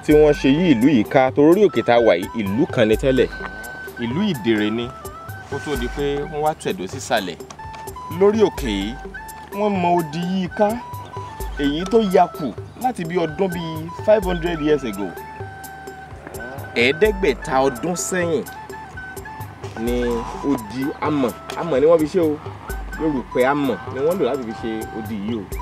tí wọ́n ṣe yí ìlú yìí ká torórí òkè tá a wà yìí ìlú kan ní tẹ́lẹ̀ ìlú ìdèrè ni kó tó di pé wọ́n wá tẹ̀dó sísàlẹ̀ lórí òkè yìí wọ́n mọ odi yìí ká èyí tó yakù láti bí ọdún bíi five hundred years ago ẹ̀ẹ́dẹ́gbẹ̀ta ọdún sẹ́yìn ni odi amọ̀ amọ̀ ni wọ́n fi ṣe o yorùpẹ̀ amọ̀ ni wọ́n lò láti fi ṣe odi yìí o.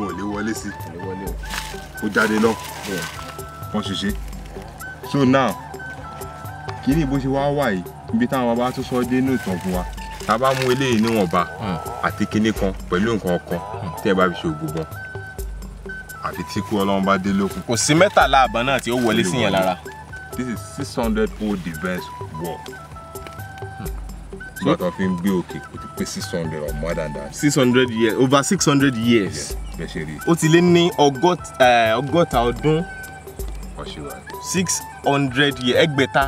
gan ò lè wọlé sí kó jáde lọ kan ṣoṣe so now kíní bó ṣe wá wà yìí ibi táwọn bàbá tó sọ dé inú ìtàn fún wa tá a bá mú eléyìí níwọ̀nba hmm. àti kíní kan pẹ̀lú nǹkan kan hmm. tí ẹ bá fi ṣe ògùn àfi tí kú ọlọ́run bá dé lókun. kò sí mẹ́tàlá àbọ̀n náà tí ó wọlé sí yẹn lára. this is six hundred old device war so that ofin gbé òkè kò ti six hundred or more than that. six hundred years over six hundred years. bẹ́ẹ̀ ṣe rí. ó ti lé ní eh, ọgọ́ta ọdún. ọ̀ṣunwá. six hundred years ẹgbẹ̀ta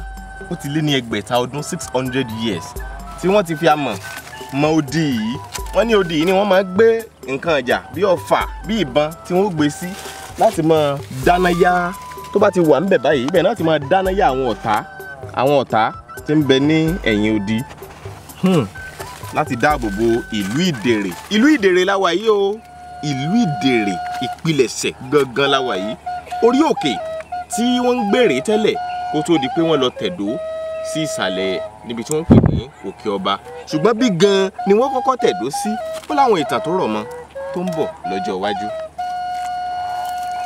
ó ti lé ní ẹgbẹ̀ta ọdún six hundred years tí wọ́n ti fi amọ̀ mọ odi yìí wọ́n ní odi yìí ni wọ́n máa gbé nǹkan ọjà bí ọfà bí ìbọn tí wọ́n gbé sí láti máa dáná yá tó bá ti wà ń bẹ̀ báyìí ibẹ̀ náà ti máa dáná yá àwọn ọ̀tá àwọn ọ̀tá tí ń bẹ ní ẹ̀yìn odi Hmm. láti dáàbò bo ìlú ìdèrè ìlú ìdèrè la wà yìí o ìlú ìdèrè ìpilẹ̀ṣẹ̀ gangan la wà yìí orí òkè tí wọ́n ń gbèrè tẹ́lẹ̀ kó tó di pé wọ́n lọ tẹ̀dó sí ìsàlẹ̀ níbi tí wọ́n pè ní òkè ọba ṣùgbọ́n bí gan ni wọ́n kọ́kọ́ tẹ̀dó sí ó láwọn ìtàn tó rọ̀ mọ́ tó ń bọ̀ lọ́jọ́ iwájú.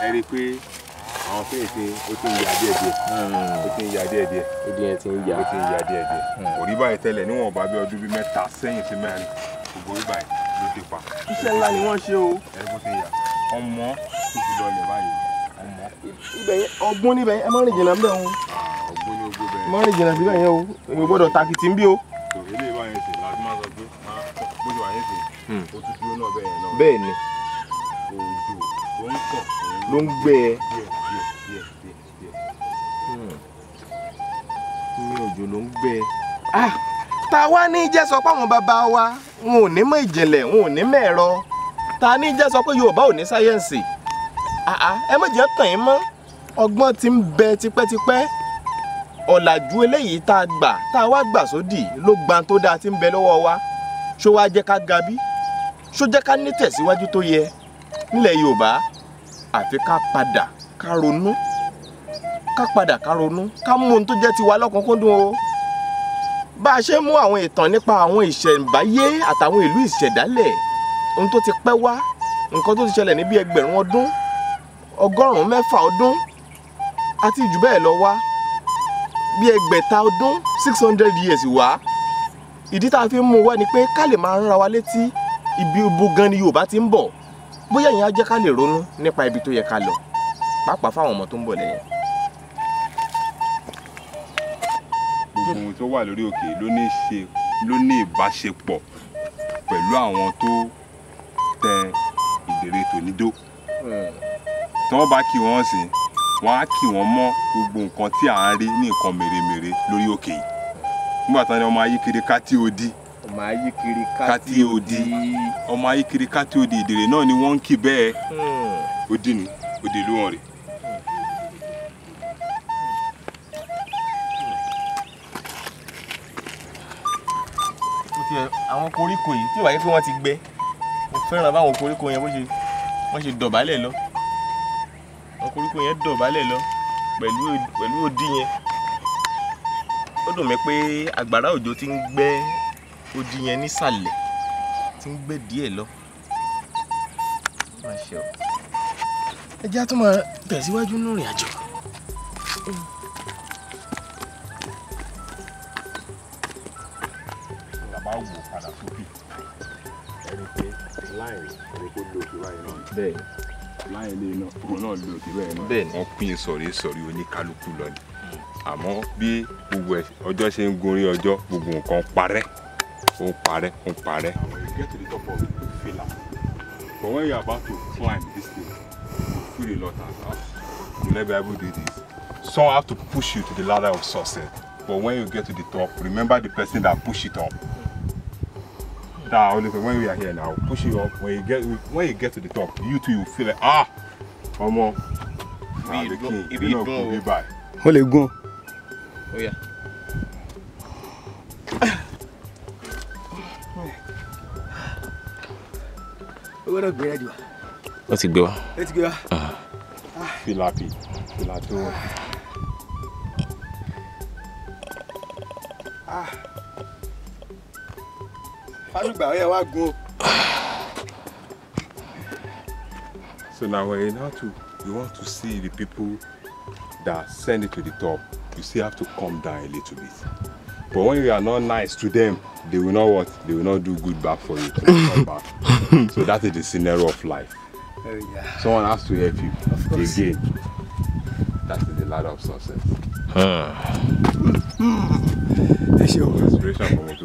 ẹ rí i pé àwọn kéèké hmm. ó ti ń ya díẹ̀ díẹ̀ ó ti ń ya díẹ̀ díẹ̀ ó díẹ̀ ti ń ya ó ti ń ya díẹ̀ díẹ̀ hmm. kò rí báyìí tẹ́lẹ̀ níwọ̀n bá bí ọdún bíi mẹ́ta sẹ́yìn sí mẹ́rin gbogbo rí báyìí ló ti pa. iṣẹ́ ńlá ni wọ́n ṣe o. ẹ bó ti yà ọmọ tó ti lọ ilẹ̀ báyìí ọmọ. ibẹ̀ yẹn ọgbọ́n níbẹ̀ yẹn ẹ má rìn jìnnà ah, bẹ́ẹ̀ o. ọgbọ́n ní ogbó bẹ́ẹ̀. má rìn jìnnà bíbẹ̀ yẹn o èmi gbọ́dọ̀ takìtì ń bí o. Hmm. bẹ́ẹ̀ ni ló ń gbé ẹ. ní òjò ló ń gbẹ. Ah, ta wá ní jẹ́ sọ pé àwọn bàbá wa wọn ò ní mọ̀ ìjìnlẹ̀ wọn ò ní mọ̀ ẹ̀rọ ta ní jẹ́ sọ pé Yorùbá ò ní sáyẹ́ǹsì ah, ah, ẹ má jẹ́ tàn yín mọ́ ọgbọ́n ti ń bẹ tipẹ́tipẹ́ ọ̀làjú eléyìí tá a gbà tá a wá gbà sódì ló gba tó dáa ti ń bẹ lọ́wọ́ wa ṣó wá jẹ́ ká ga bí ṣó jẹ́ ká ní tẹ̀síwájú tó yẹ nílẹ̀ Yorùbá àfi ká padà ká ronú ká padà ká ronú ká mú ohun tó jẹ́ tiwa lọ́kùnkúndùn o bá a ṣe mú àwọn ìtàn nípa àwọn ìṣẹ̀ǹbáyé àtàwọn ìlú ìṣẹ̀dálẹ̀ ohun tó ti pẹ́ wá nǹkan tó ti ṣẹlẹ̀ ní bíi ẹgbẹ̀rún ọdún ọgọ́rùn-ún mẹ́fà ọdún àti jù bẹ́ẹ̀ lọ wá bíi ẹgbẹ̀ta ọdún six hundred years wá ìdí tá a fi ń mú wá ni pé ká lè máa rán wa létí ibi ibo gan ni Yorùbá ti ń bọ̀ bóyá ìyẹn á jẹ́ ká lè ronú nípa ibi tó yẹ ká lọ pàápàá fáwọn ọmọ tó ń bọ̀ lẹ́yìn. òun tó wà lórí òkè ló ní ṣe ló ní ìbáṣepọ̀ pẹ̀lú àwọn tó tẹ ìdèrè tònídó tí wọ́n bá kí wọ́n sìn wọ́n á kí wọ́n mọ́ gbogbo nǹkan tí à ń rí ní nǹkan mèremère lórí òkè yìí nígbà táwọn ọmọ ayíkiri ká tí ó di ọmọ ayíkiri ká tí ó di ọmọ ayíkiri ká tí ó di ìdèrè náà ni wọ́n ń kí bẹ́ẹ̀ hmm. ó dì ní ó dì lóhùn rẹ̀. tiẹ̀ àwọn koríko yìí tí wàá pé wọ́n ti gbẹ mo fẹ́ràn báwọn koríko yẹn bó ṣe wọ́n ṣe dọ̀bálẹ̀ lọ àwọn koríko yẹn dọ̀bálẹ̀ lọ pẹ̀lú pẹ̀lú odi yẹn ó dùn mí pé àgbàrá òjò ti ń gbẹ́ odi yẹn nísàlẹ̀ ti ń gbẹ́ díẹ̀ lọ. ẹ jẹ́ àtúmọ̀ tẹ̀síwájú nínú ìrìn àjò. bá wò padà sókè ẹni pé láì ẹni tó lo òkè báyìí náà bẹ́ẹ̀ láì lè náà òun náà lo òkè báyìí náà. bẹ́ẹ̀ ni wọ́n pín sọ̀rí sọ̀rí oníkálukú lọ ni hmm. àmọ́ bí gbogbo ọjọ́ ṣe ń gorí ọjọ́ gbogbo nǹkan parẹ́ ó ń parẹ́ ó ń parẹ́. get to the top of the pillar but when you about to climb this thing you feel a lot as well you never able do this some have to push you to the ladder of success but when you get to the top remember the person that push it up Nah, listen, when we are here now, push it up. When you get when you get to the top, you two, you feel like ah, Omo. Ah, the king. If you know, go be by. Ó lè Oh yeah. Owó náà gbé rẹ̀ jù wá. Ó ti gbé wá. Uh-huh. Feel happy. Feel happy. fálùgbà ọ̀yẹ́ wá gun o. So now we now to, you want to see the people that send it to the top, you still have to come down a little bit. But when you are not nice to them, they will not what? They will not do good back for you. so that is the scenario of life. Oh, yeah. Someone has to help you. Again, that is the ladder of success. Huh. Ah. Mm. Inspiration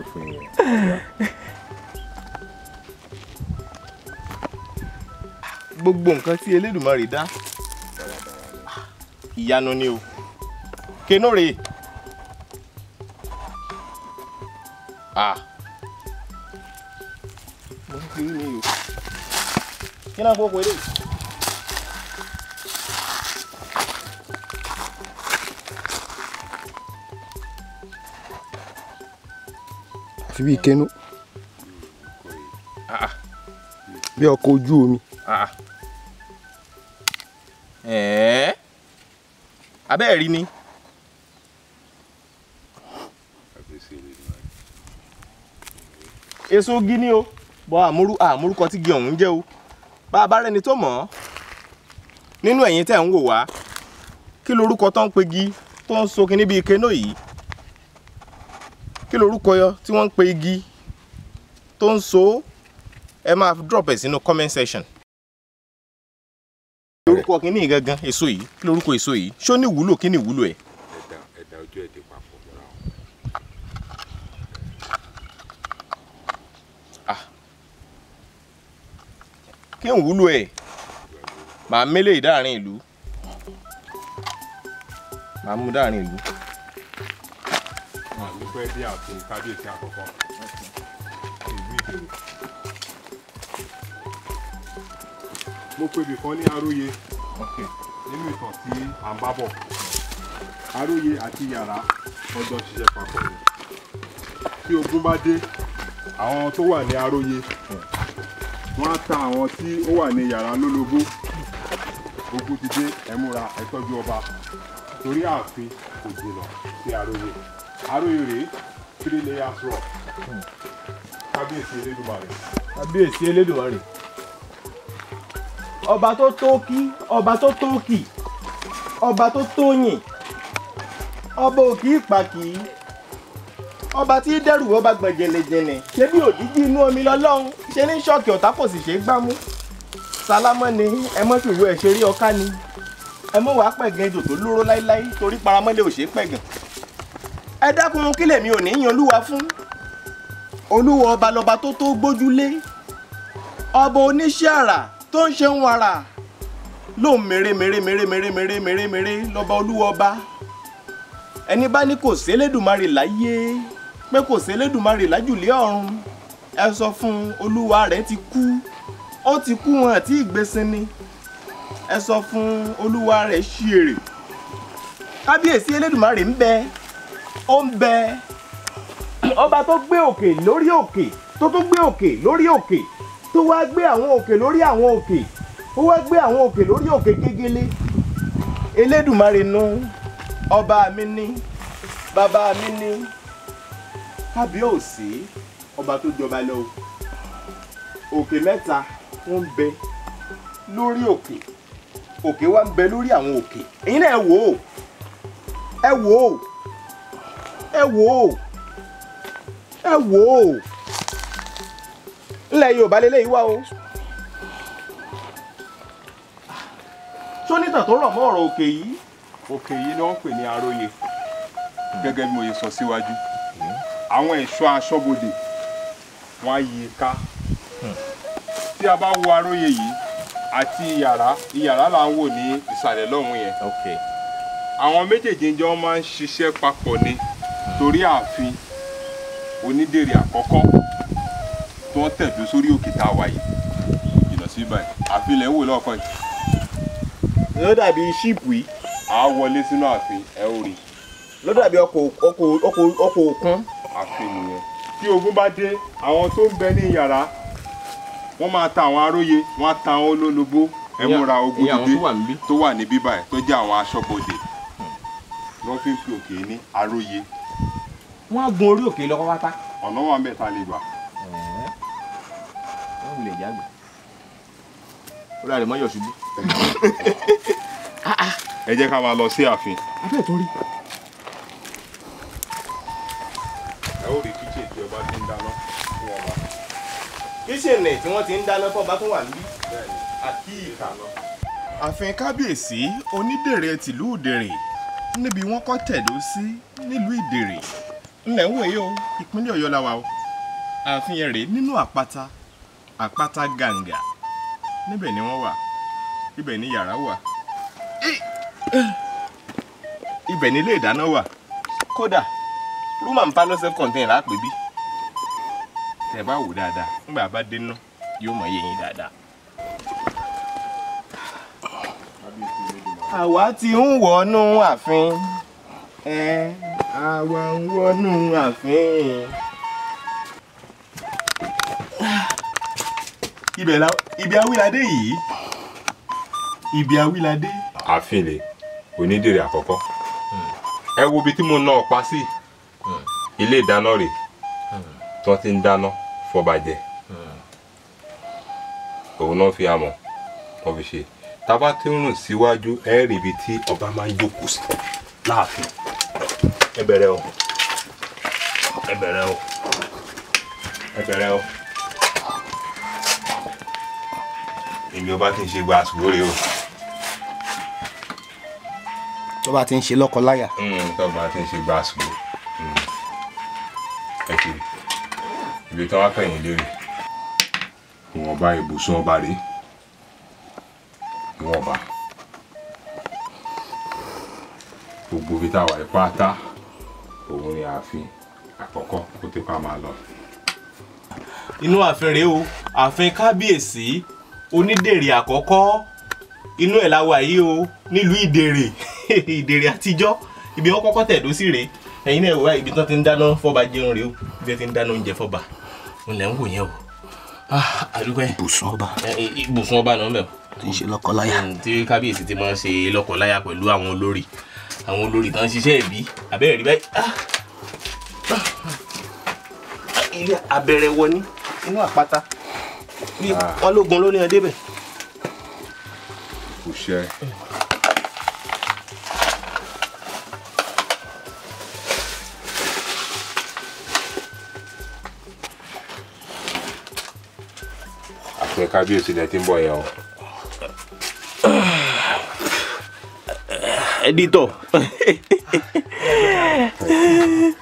gbogbo nǹkan tí Elédùmarè dá ìyanu ni o kenore ah mo ń kiri ni o kí náà kó kó eléyìí. àfi bíi kẹnu bí ọkọ̀ ojú omi. abẹ́ẹ̀ rí ni. èso igi ni o bọ àmúrú àmúrúkọ tí igi ọ̀hún jẹ́ o bá a bá rẹni tó mọ̀ ọ́ nínú ẹ̀yin tẹ̀ ń wò wá kí lorúkọ tó ń pegi tó ń so kinní bíi kenó yìí kí lorúkọ yọ tí wọ́n ń pe igi tó ń so ẹ máa drop ẹ̀ sínú comment section orúkọ kínní gangan èso yìí kí lorúkọ èso yìí ṣó ní ìwúlò kí ni ìwúlò ẹ. ẹ̀dá ẹ̀dá ojú ẹ̀ dé papọ̀ mọ́ra wọn. kí n wúlò ẹ màá mélé ìdáàrin ìlú màá mú dáàrin ìlú. wà á mo pe ibìkan ní aróye nínú ìtàn tí à ń bá bọ̀ aróye àti yàrá ọjọ́ ṣiṣẹ́ papọ̀ ni tí ogun bá dé àwọn tó wà ní aróye wọ́n á ta àwọn o ó wà ní yàrá lólobó ogun ti dé ẹ múra ẹ tọ́jú ọba torí ààfin kò jìnà sí aróye aróye rèé three layers rock hmm. kábíyèsí elédùmarè. kábíyèsí elédùmarè ọba tó tó kí ọba tó tó kì ọba tó tó yìn ọba òkì ìpàkì ọba tí dẹ́rù ọba gbọ̀njẹ̀lẹ̀jẹ̀lẹ̀ ṣé bí òdíjí inú omi lọ́lọ́run ṣe ní ṣọ́ọ̀kì ọ̀tá kò sì ṣe é gbámú sálámọ́ ni ẹ mọ́ fìwé ẹ̀ ṣe rí ọká ni ẹ mọ́ wàá pẹ̀gàn ejò tó lóró láíláí torí paramọ́lẹ̀ ò ṣe é pẹ̀gàn ẹ dákun kí lèmi ò ní yan olúwa fún olúwa ọba lọba tó tó gbójúlé ọba oníṣẹ́ àrà tó ń ṣe ń wàrà lóun mèrè mèrè mèrè mèrè mèrè mèrè mèrè lọ́ba olúwa ọba ẹni bá ní kò sélédùmarè láyé pé kò sélédùmarè lájùlé ọ̀run ẹ sọ fún olúwa rẹ̀ ti kú ó ti kú wọn àti ìgbésìn ni ẹ sọ fún olúwa rẹ̀ ṣí èrè kábíyèsí elédùmarè ń bẹ ó ń bẹ ọba tó gbé òkè lórí òkè tó tún gbé òkè lórí òkè tó wá gbé àwọn òkè lórí àwọn òkè ó wá gbé àwọn òkè lórí òkè gegele elédùmarè nu ọba mi ní bàbá mi ní kábíyèsí ọba tó jọba lọ òkè mẹ́ta ń bẹ lórí òkè òkè wa ń bẹ lórí àwọn òkè èyí náà ẹ wò ó ẹ wò ó ẹ wò ó ẹ wò ó ńlẹ̀ Yorùbá lélẹ́yìí wá o. tó nítàn tó rọ̀ mọ́ ọ̀rọ̀ òkè yìí òkè yìí ni wọ́n pè ní aróye gẹ́gẹ́ bí mo yẹ sọ síwájú àwọn ẹ̀ṣọ́ aṣọ́bodè wọ́n á yí i ká tí a bá wo aróye yìí àti iyàrá iyàrá là ń wò ní ìsàlẹ̀ lọ́hùn yẹn àwọn méjèèjì jọ máa ń ṣiṣẹ́ papọ̀ ni torí ààfin onídèrè àkọ́kọ́ tó tẹ̀dó sórí òkè tá a wà yìí jìnnà sí báyìí àfilẹ̀ ń wò lọ́ọ̀kan yìí. ló dàbí ṣíìpù yìí. a wọlé sínú ààfin ẹ ó rí. ló dàbí ọkọ̀ òkun. ààfin nìyẹn tí ogun bá dé àwọn tó ń bẹ ní yàrá wọ́n máa ta àwọn aróye wọ́n á ta àwọn olólobó ẹ múra ogun dídé tó wà níbí báyìí tó jẹ́ àwọn aṣọ́bodè wọ́n fi ń fi òkè ní aróye. wọ́n á gun orí òkè lọ́kọ́ pátá. ọ̀nà wà ń lè gbà kulẹ̀ jágbà ó rà rẹ̀ mọ́ yọ̀ṣubú. Ah, ah. ẹ jẹ́ ká máa lọ sí ààfin. abẹ́ẹ̀ tó rí. ẹ ó rí kíchìn tí ọba ti ń dáná fún ọba. kíchìnì tí wọ́n ti ń dáná fún ọba tó wà níbí àti ìkànnà. ààfin kábíyèsí onídèrè tìlú ìdèrè níbi wọ́n kọ́ tẹ̀dó sí nílùú ìdèrè ńlẹ̀ ń wòye o ìpínlẹ̀ ọ̀yọ́ la wà o ààfin rèé nínú àpáta àpáta gàǹgà níbẹ̀ ni wọ́n wà ibẹ̀ ni yàrá wà ibẹ̀ ni ilé ìdáná wà kódà room and parlour self contained lápè bí tẹ́ bá wò dáadáa nígbà bá dé ná yóò mọ̀ yẹ̀yìn dáadáa. àwa ti ń wọnú ààfin ẹ àwa ń wọnú ààfin. ibẹ̀ la ibi awíladé yìí ibi awíladé. ààfin lè onídìrí àkọ́kọ́ ẹ wo ibi tí mo ná ọ̀pá sí ilé ìdáná rẹ̀ tí wọ́n ti ń dáná fọbàjẹ́ òun náà fi amọ̀ wọ́n fi ṣe tábà tí ń rùn síwájú ẹ rí ibi tí ọba máa ń jókòó sí láàfin ẹ bẹ̀rẹ̀ o ẹ bẹ̀rẹ̀ o ẹ bẹ̀rẹ̀ o. èmi ọba kì í ṣe gba àsùwò rè o. tó bá ń ṣe lọ́kọ-láyà. Hmm, tó ń ṣe gba àsùwò hmm. ẹ kiri ibi tí wọ́n fẹ̀yìn léèrè ìwọ̀n ọba ibùsùn ọba rèé ìwọ̀n ọba gbogbo ibi táwa ìpátá òun ni ààfin àkọ́kọ́ kó tipa máa lọ. inú ààfin rèé o ààfin kábíyèsí onídèrè àkọ́kọ́ inú ẹ̀ la wà yìí o nílùú ìdèrè ìdèrè àtijọ́ ibi wọn kọ́kọ́ tẹ̀dó sí rèé ẹ̀yin náà wá ibi tán ti ń dáná fọ́ba jẹun rèé o ibi tán ti ń dáná oúnjẹ fọ́ba òun lẹ̀ ń wò yẹn o ah, àdúgbò yẹn. ibùsùn ọba. ibùsùn ọba náà mẹ́wọ̀. tí ń ṣe lọ́kọláya. Mm, tí kábíyèsí ti máa ń ṣe lọ́kọláya pẹ̀lú àwọn olórí àwọn olórí tán ń ṣiṣẹ́ ìbí abẹ́rẹ́ rí báyìí. Ah, ah, ilé abẹ́rẹ́ wọ ní inú àpáta bí wọn lógun ló ní ẹ débẹ̀. kò ṣe. àfẹ kábíyèsí lẹ ti ń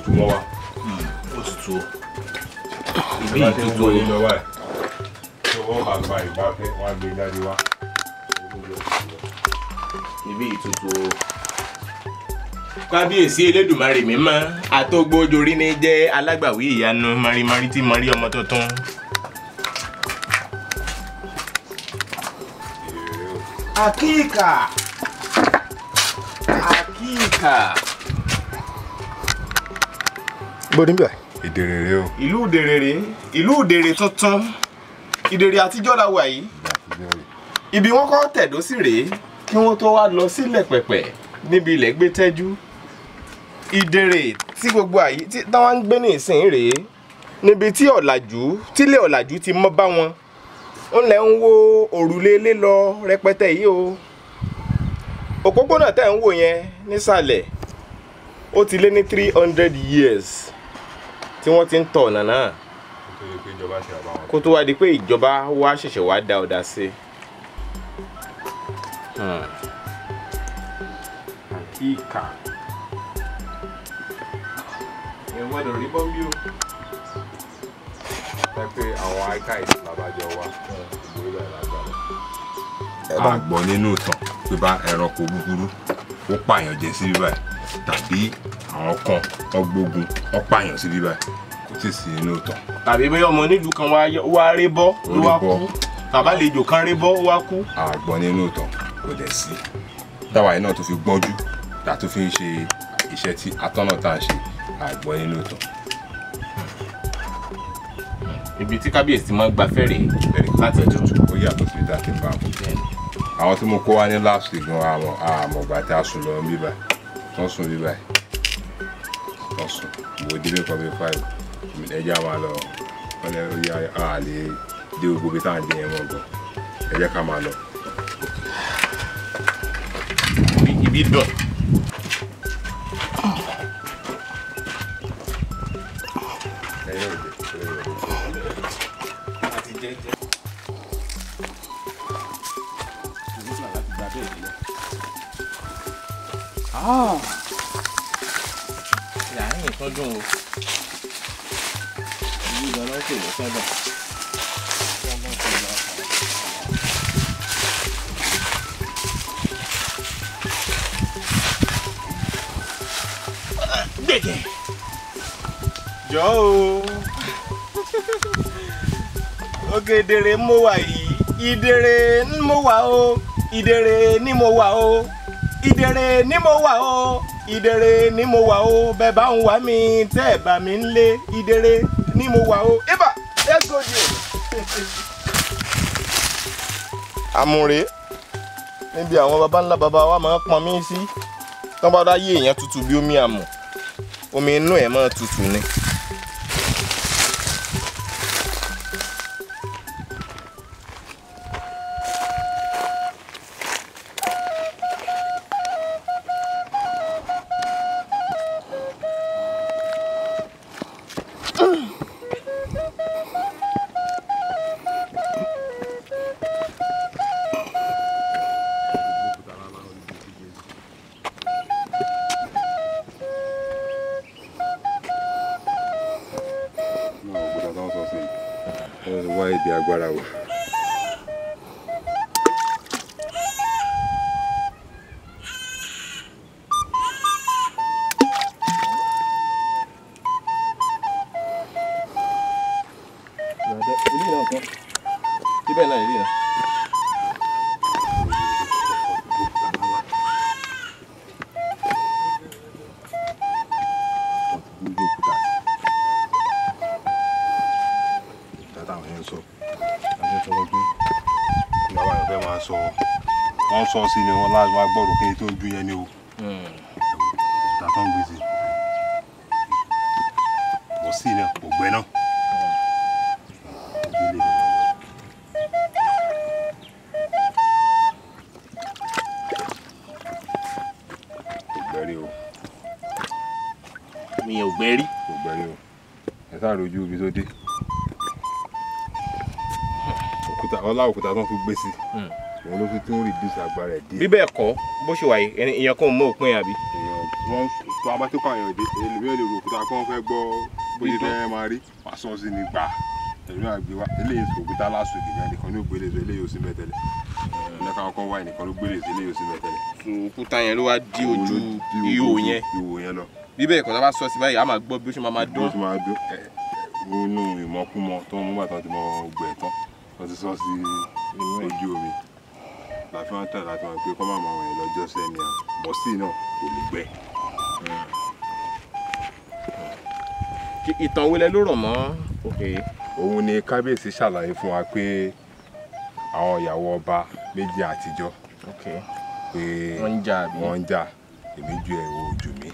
tutù mọ́ wa. ó tutù o ìbí yìí tutù o. wọ́n bá gba ìgbà fẹ́ wọ́n á gbé jáde wá. ìbí yìí tutù o. kábíyèsí elédùnmarè mímọ́ àtọ́gbójorí ní jẹ́ alágbàwí ìyanu marimari tí mọ̀rí ọmọ tuntun. Akika! Akika! gbódì bíbá. ìdèrè rè o. ìlú ìdèrè rè ìlú ìdèrè tuntun ìdèrè àtijọ́ la wà yìí ibi wọn kọ́ tẹ̀dó sí rèé kí wọ́n tó wá lọ sílẹ̀ pẹ̀pẹ̀ níbi ilẹ̀ gbé tẹ́jú ìdèrè tí gbogbo àyè tí táwọn ń gbé ní ìsìn rèé níbi tí ọ̀làjú tílé ọ̀làjú ti mọ́ bá wọn ń lẹ̀ ń wo òrùlé lé lọ rẹpẹtẹ yìí o òpópónà tẹ̀ ń wò yẹn nísàlẹ̀ ó ti lé ní three hundred years tí wọ́n ti ń tọ̀ ọ̀nà náà kó tó wá di pé ìjọba wa ṣẹ̀ṣẹ̀ wá da ọ̀dà sí i. Hmm. àti ìkà ẹ gbọ́dọ̀ rí bọ́m̀bí o. ẹ pé àwọn aikai làbájọ wa hmm. ìgbórílẹ̀ làgbà. a gbọ́ nínú ìtàn pípa ẹranko búburú ó pààyàn jẹ sí bíbá tàbí àwọn kan ọgbógun ó pààyàn sí bíbá kò tí ì sí inú ìtàn. tàbí bẹ́ẹ̀ ọmọ nílùú kan wá rí bọ́ ló wá kú tàbá àlejò kan rí bọ́ wá kú. àgbọn nínú ìtàn kò dẹ̀ sí táwa yìí náà tó fi gbọ́njú a tó fi ń ṣe iṣẹ́ tí atọ́nà tá à ń ṣe àgbọn nínú ìtàn. ibi tí kábíyèsí máa ń gba fẹ́rẹ̀ẹ́ láti tutù ó yàtọ̀ sí dákẹ́ bá wọn àwọn tí mo kó wá ní last week gan àmọ́ àmọ́ ìgbà tí a sùn lọ bíbá wọ́n sùn bíbá wọ́n sùn mo délé kan bíi five ẹjẹ́ àwọn àlọ́ wọ́n lè rí àlè dé gbogbo bí táwọn dín ẹ̀wọ̀n gan ẹjẹ́ ká máa lọ. ibi dọ̀. yàrá nìkan dùn o ìlú ìdáná kò mo wà yìí ìdèrè mo wà o ìdèrè ni mo wà o ìdèrè ni mo wà o ìdèrè ni mo wà o bẹ́ẹ̀ bá ń wá mi tẹ́ ẹ̀ bá mi ń lé ìdèrè ni mo wà o ibà ẹgbòdì o. àmúre níbi àwọn baba ńlá baba wa máa ń pọn mí sí tọ́ba dá yé èèyàn tutù bí omi àmù omi inú ẹ̀ máa tutù ni. máa sọ wọ́n sọ sí ni wọ́n láti máa gbọ́dọ̀ kí ni tó ń ju yẹn ni o hmm. tàtọ́ ń gbèsè kò sí náà kò gbẹ náà. mi ò gbẹ rí. kò gbẹ rí o ẹ sáà rojú ibi tó dé hmm. òkúta ọlá òkúta tó ń fi gbé sí i. Hmm òun ló fi tún reduce agbára ẹ̀ díẹ̀. bí bẹ́ẹ̀ kọ́ bó ṣe wà yìí èèyàn kan mọ òpin àbí. èèyàn wọn tó abá tó pààyàn dé ẹlòmíràn lè rò òkúta kí wọ́n fẹ́ gbọ́ bó ṣe fẹ́ máa rí wàá sọ sí ni gbà ẹlòmíràn àgbè wa eléyìí òkúta lásùn ìgbìyàn nìkan ló gbélé sọ eléyìí òsì mẹ́tẹ́lẹ̀ ẹ̀ẹ́dẹ́ka ọkọ̀ wáyé nìkan ló gbélé sọ eléyìí òsì mẹ́tẹ́lẹ̀. òkúta yẹn ló wá di ojú ihò yẹn ihò yẹn lọ. bíbẹ̀ ẹ̀kọ́ tá a bá sọ sí báyìí a máa gbọ́ bí ó ṣe máa máa dún. bí ó ṣe máa dún nínú ìmọ̀kúmọ̀ tó ń mú bàtà ti mọ gbẹ̀ tán wọ́n ti sọ sí ojú omi la fi máa ń tà láti máa pé kọ́ máa máa wọ̀nyẹn lọ́jọ́ sẹ́ni à bọ́ sí náà kò lè gbẹ. ìtàn wo lẹ ló rọ̀ mọ́ òkè. òun ni kábíyèsí ṣàlàyé fún wa pé àwọn ìyàwó ọba méjì àtijọ́ pé wọ́n ń jà wọ́n ń jà èmi ju ẹ̀ o jù mí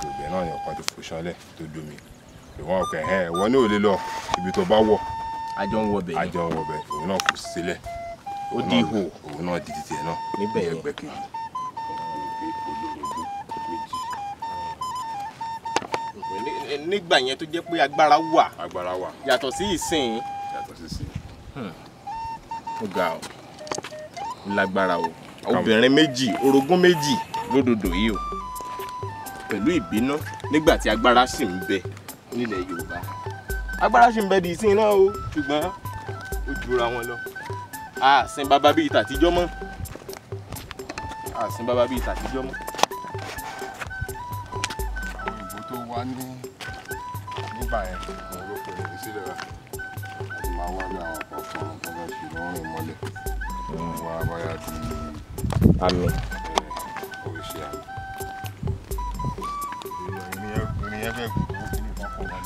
ṣùgbọ́n náà ni ọ̀kan ti fò ṣánlẹ̀ tó jù mí ìwọ̀n ọ̀kẹ́ ẹ̀ wọ́n ní òlé lọ ibi tó bá wọ̀ àjọ ń wọbẹ̀ àjọ ń wọbẹ̀ òun náà kò sílẹ̀ ó di ihò òun náà di títì ẹ náà níbẹ̀ yẹn gbẹ̀kejì. nígbà yẹn tó jẹ́ pé agbára wà agbára wà yàtọ̀ sí ìsìn yàtọ̀ sí ìsìn. Hmm. ó ga ọ lágbára o obìnrin méjì orogún méjì lódodo yìí o pẹ̀lú ìbínú nígbà tí agbára sì ń bẹ nílẹ̀ Yorùbá agbára sì ń bẹ di ìsìn náà o ṣùgbọ́n ó jura wọn lọ àsìn bàbá bíi tàtijọ́ mọ́ àsìn bàbá bíi tàtijọ́ mọ́. àwọn ìbò tó wá ní nígbà yẹn àwọn olókùn ìlú sílẹ̀ rà àti máa wá bí àwọn ọkọ̀ kan tó bá ṣe lọ́rùn mọ́lẹ̀ wọ́n wá báyà bí àmì oríṣi àmì. ìrìnyẹn fẹ́ gbogbo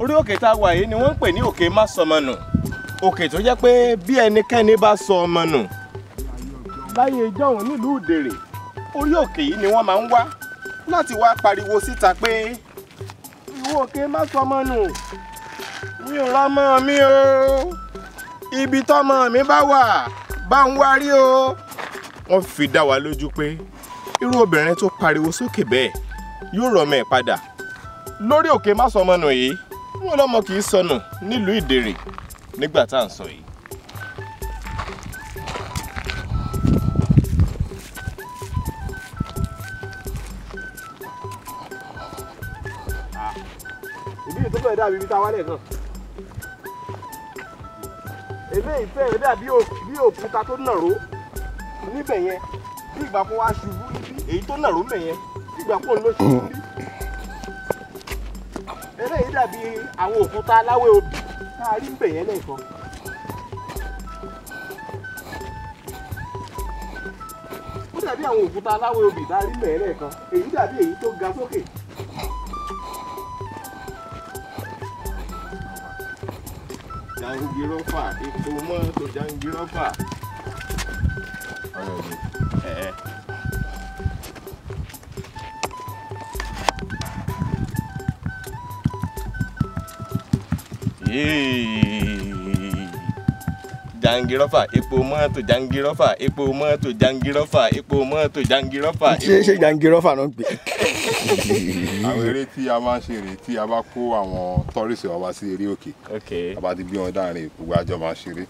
orí òkè tá a wà yìí ni wọ́n ń pè ní òkè Másọmọnù òkè tó jẹ́ pé bí ẹnikẹ́ni bá sọ ọmọ nù láyé ìjọ́hun nílùú òdèrè orí òkè yìí ni wọ́n máa ń wá láti wá pariwo síta pé ìwọ òkè má sọ ọmọ nù mi ò rọmọ mi o ibi tọmọ mi bá wà bá ń wá rí o. wọ́n fi dá wa lójú pé irú obìnrin tó pariwo sókè bẹ́ẹ̀ yóò rọmọ ẹ̀ padà lórí òkè má sọ ọmọ nù yìí wọ́n lọ́mọ kì í sọnù nílùú ìdèrè nígbà tá à ń sọ yìí. ìbí ìtọ́jú ẹ̀dá mi bí tá a wálẹ̀ náà èlé ìfẹ́ ẹ̀ dàbí òkúta tó nàró níbẹ̀ yẹn bí ìgbà kan wá ṣubú níbí èyí tó nàró mẹ̀ yẹn bí ìgbà kan ló ṣubú níbí eléyìí dàbí àwọn òkúta aláwẹ̀ obì tá a rí ń bẹ̀ yẹn lẹ́ẹ̀kan. ó dàbí àwọn òkúta aláwọ̀ obì tá a rí ń bẹ̀ yẹn lẹ́ẹ̀kan èyí dàbí èyí tó ga sókè. jangirọ́fà epo mọ́ tó jangirọ́fà. ọ̀rọ̀ mi. jangirọ́fà epo mọ́tò jangirọ́fà epo mọ́tò jangirọ́fà epo mọ́tò jangirọ́fà. ṣé ṣé jangirọ́fà náà gbé. àwọn eré tí a máa ń ṣe rèé tí a bá kó àwọn tọ́rìsì wa wá sí eré òkè a bá ti gbé wọn dáhùn rè gbogbo àjọ máa ṣeré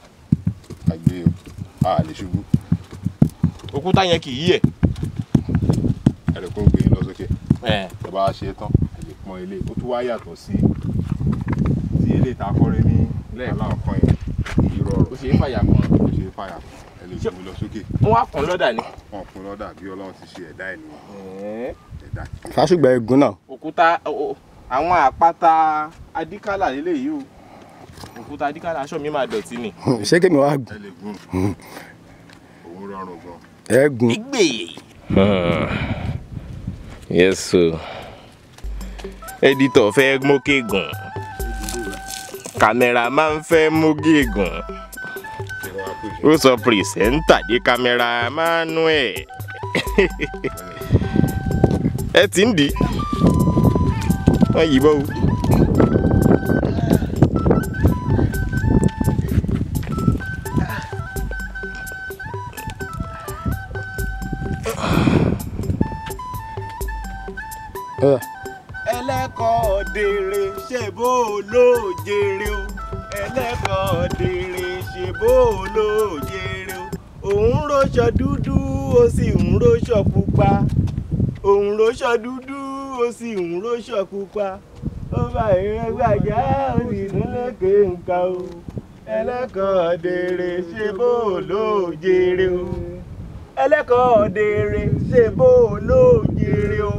a gbé a lè ṣubú. òkúta yẹn kì í yẹ. ẹ̀rọ kó gbé e lọ sókè. ẹ̀ ẹ̀ bá a ṣe tán a lè pọn ilé ó tún wá yàtọ̀ sí ilé ìta akọ́rẹ́ ní lẹ́ẹ̀lá ọ̀kan yẹn ìrọ̀rùn ó ṣe é fàyà kan O ṣe é fàyà kan ẹ lè gbé lọ sókè. wọ́n á kún lọ́dà ni. wọ́n kún lọ́dà bí ọlọ́run ti ṣe ẹ̀dá ènìyàn. fásùgbà egun náà. òkúta àwọn àpáta adíkálà nílé yìí o òkúta adíkálà aṣọ mi máa dọ̀tí ni. ṣé kí mi wá gùn. ẹ lè gùn òun rọrùn gan. ẹ gùn. gbígbé. yẹ́sù ẹ̀dítọ̀ fẹ́ mókè gùn. Camera man fẹ́ mú gígùn. Ó sọ pìrìsẹ́ńtà di camera manu ẹ̀. Ẹ ti ń dì í. Wọ́n yìí o. Yeah ẹlẹ́kọ̀ọ́ dèrè ṣèbó olóòjèrè o ẹlẹ́kọ̀ọ́ dèrè ṣèbó olóòjèrè o òun róṣọ dúdú ó sì ń róṣọ pupa òun róṣọ dúdú ó sì ń róṣọ pupa ó bá ìrẹ́gbàjá ó sì múlẹ̀kẹ́ nǹkan o ẹlẹ́kọ̀ọ́ dèrè ṣèbó olóòjèrè o ẹlẹ́kọ̀ọ́ dèrè ṣèbó olóòjèrè o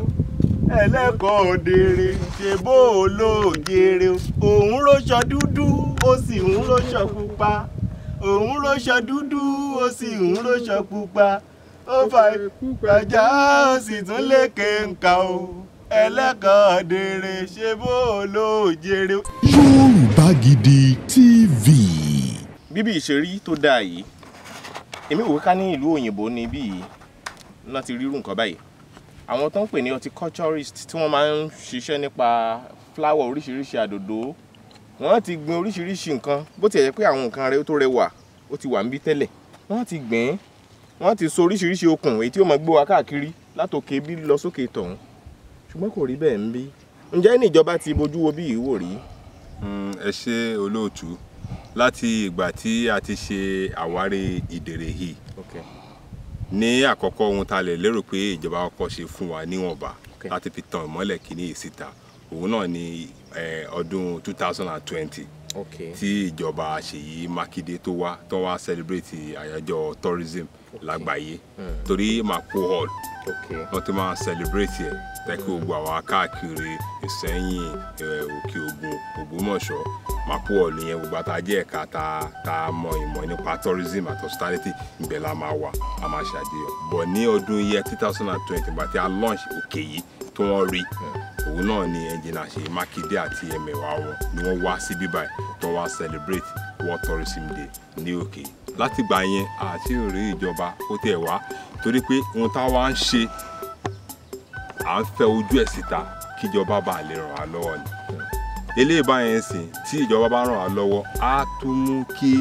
ẹlẹ́kọ̀ọ́ òdèrè ṣèbó olóòjèrè òun róṣọ dúdú ó sì ń róṣọ pupa òun róṣọ dúdú ó sì ń róṣọ pupa ó fa ìpàjá ó sì tún lékè nǹkan o ẹlẹ́kọ̀ọ́ òdèrè ṣèbó olóòjèrè. Yorùbá Gidi TV. bíbí ìṣerí tó dáa yìí èmi wò ká ní ìlú òyìnbó ni bíi náà ti rírun nǹkan báyìí àwọn tó ń pè ní horticulturist tí wọ́n máa ń ṣiṣẹ́ nípa flower oríṣiríṣi àdòdó wọ́n ti gbin oríṣiríṣi nǹkan bó ti yẹ pé àwọn nǹkan rẹ̀ tó rẹwà ó ti wà ń bí tẹ́lẹ̀ wọ́n ti gbìn wọ́n ti so oríṣiríṣi okùn èyí tí ó máa gbé wa káàkiri látòkè bí lọ sókè tọ̀hún ṣùgbọ́n kò rí bẹ́ẹ̀ ń bí ǹjẹ́ ní ìjọba ti bojú wo bí ìwò rí. Hmm, ẹ ṣe olóòtú láti ìgbà tí a ti ṣe àwárí ìdèrè yìí. Okay ní àkọ́kọ́ ohun tá a lè lérò pé ìjọba ọkọ̀ ṣe fún wa níwọ̀nba láti fi tan ìmọ́lẹ̀ kìíní yìí síta òun náà ni ọdún two thousand and twenty tí ìjọba Ṣèyí Mákindé tó wá tó wá celebrate àyájọ́ tourism. Okay lágbàáyé hmm. torí mapo hall wọ́n ti máa celebrate ẹ̀ tẹ́kọ̀ gbogbo àwọn akáàkiri ìsẹ́yìn òkè ògùn ògbómọ̀ṣọ́ mapo hall yẹn gbogbo àtàjẹ́ ẹ̀ka tá a mọ ìmọ̀ nípa tourism àti hospitality ibẹ̀ la máa wà a máa bọ̀ ní ọdún yẹ 2020 alonso bàtí a launch òkè hmm. náà ni ẹnjìnà ṣe mákindé àti ẹ̀mẹ̀wá wọn ni wọ́n wá sí bíbáyìí tó wá celebrate world tourism day látìgbà yẹn àti rí ìjọba ó tẹ̀ wá torí pé ohun táwa ń ṣe à ń fẹ́ ojú ẹ̀ síta kíjọba bá lè ràn wá lọ́wọ́ ni eléyìí báyẹn sìn tí ìjọba bá ràn wá lọ́wọ́ á tún mú kí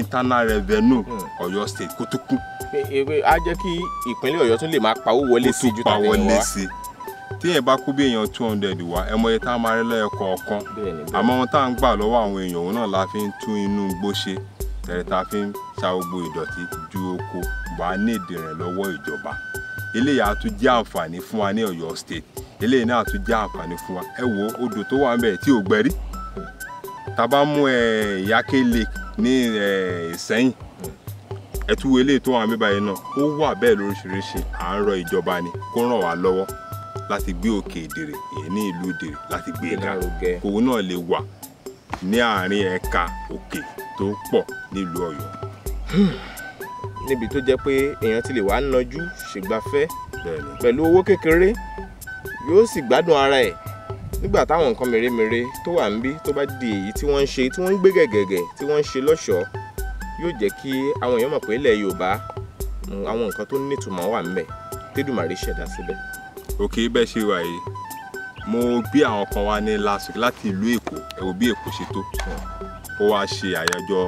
internal revenue Ọ̀yọ́ state kó tó kú. a jẹ́ kí ìpínlẹ̀ Ọ̀yọ́ tún lè máa pawó wọlé sí ju tàbí wọn wá téèyàn bá kú bí èèyàn two hundred wá ẹ mọ iye tá a máa rí lẹ́ẹ̀kọ̀ọ̀kan àmọ́ ohun tá à ń gbà lọ́wọ́ àwọn èèyàn òun náà la fi ń tún inú igbó ṣe tẹ̀rẹ̀ ta fi ń ṣa gbogbo ìdọ̀tí ju oko wà á ní ìdìrànlọ́wọ́ ìjọba eléyà á tún jẹ́ àǹfààní fún wa ní Ọ̀yọ́ state eléyìí náà á tún jẹ́ àǹfààní fún wa ẹ wo odò tó wà ń bẹ̀ tí ò gbẹ́rí tá bá mú Iyake Lake ní Ìsẹ́yìn ẹtú eléyìí tó wà ń bẹ̀ báyìí náà ó wà bẹ́ẹ̀ lóríṣiríṣi à ń rọ ìjọba ni kó ràn wá lọ́wọ́ láti gbé òkè ìdèrè èyí ní ìlú ìdèrè láti gbé e ga náà lè wà ní àárín ẹ̀ka òkè. Okay tó pọ̀ nílùú ọ̀yọ́. Hmm. níbi tó jẹ́ pé èèyàn ti lè wá nájú ṣègbafẹ́ pẹ̀lú owó kékeré yóò sì gbádùn ara ẹ̀ nígbà táwọn nǹkan mèremère tó wà níbí tó bá di èyí tí wọ́n ń ṣe tí wọ́n ń gbé gẹ̀gẹ̀gẹ̀ tí wọ́n ń ṣe lọ́ṣọ̀ọ́ yóò jẹ́ kí àwọn èèyàn mọ̀ pé ilẹ̀ yorùbá hmm, àwọn nǹkan tó nítumọ̀ wà ńbẹ̀ tẹ́dùmàrè ṣẹ̀dá síbẹ̀. òkè bẹ́ẹ̀ ṣe wà yìí mo gbé àwọn kan wá ní last week láti ìlú èkó ẹ bí èkó ṣe tó ó wá ṣe àyájọ́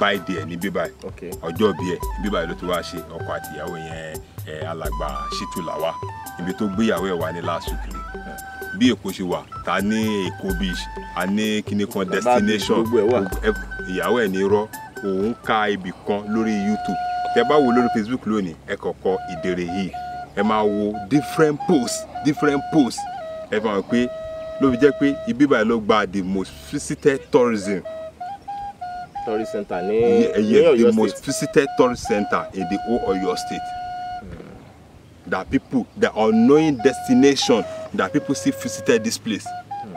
báìdì ẹ̀ ní bíbá ẹ̀ ọjọ́ bí bíbá ẹ̀ ló ti wá ṣe ọkọ àti ìyàwó yẹn alàgbà ṣìtúlàwà ibi tó gbéyàwó ẹ̀ wá ní last bí èkó ṣe wà ta ní èkó beach a ní kíní kan destination ìyàwó ẹ̀ ní rọ́ òun ka ibì kan lórí YouTube tẹ bá wo lórí Facebook lónìí ẹ kọ̀ọ̀kọ̀ ìdèrè yìí ẹ máa wo different posts different posts ẹ fà hàn pé ló fi jẹ́ pé ibi báyìí ló gba the most visited tourism tourist center ní eh, ní Ọ̀yọ́ state the most visited tourist center in the whole Ọ̀yọ́ state that people the unknown destination that people still visited this place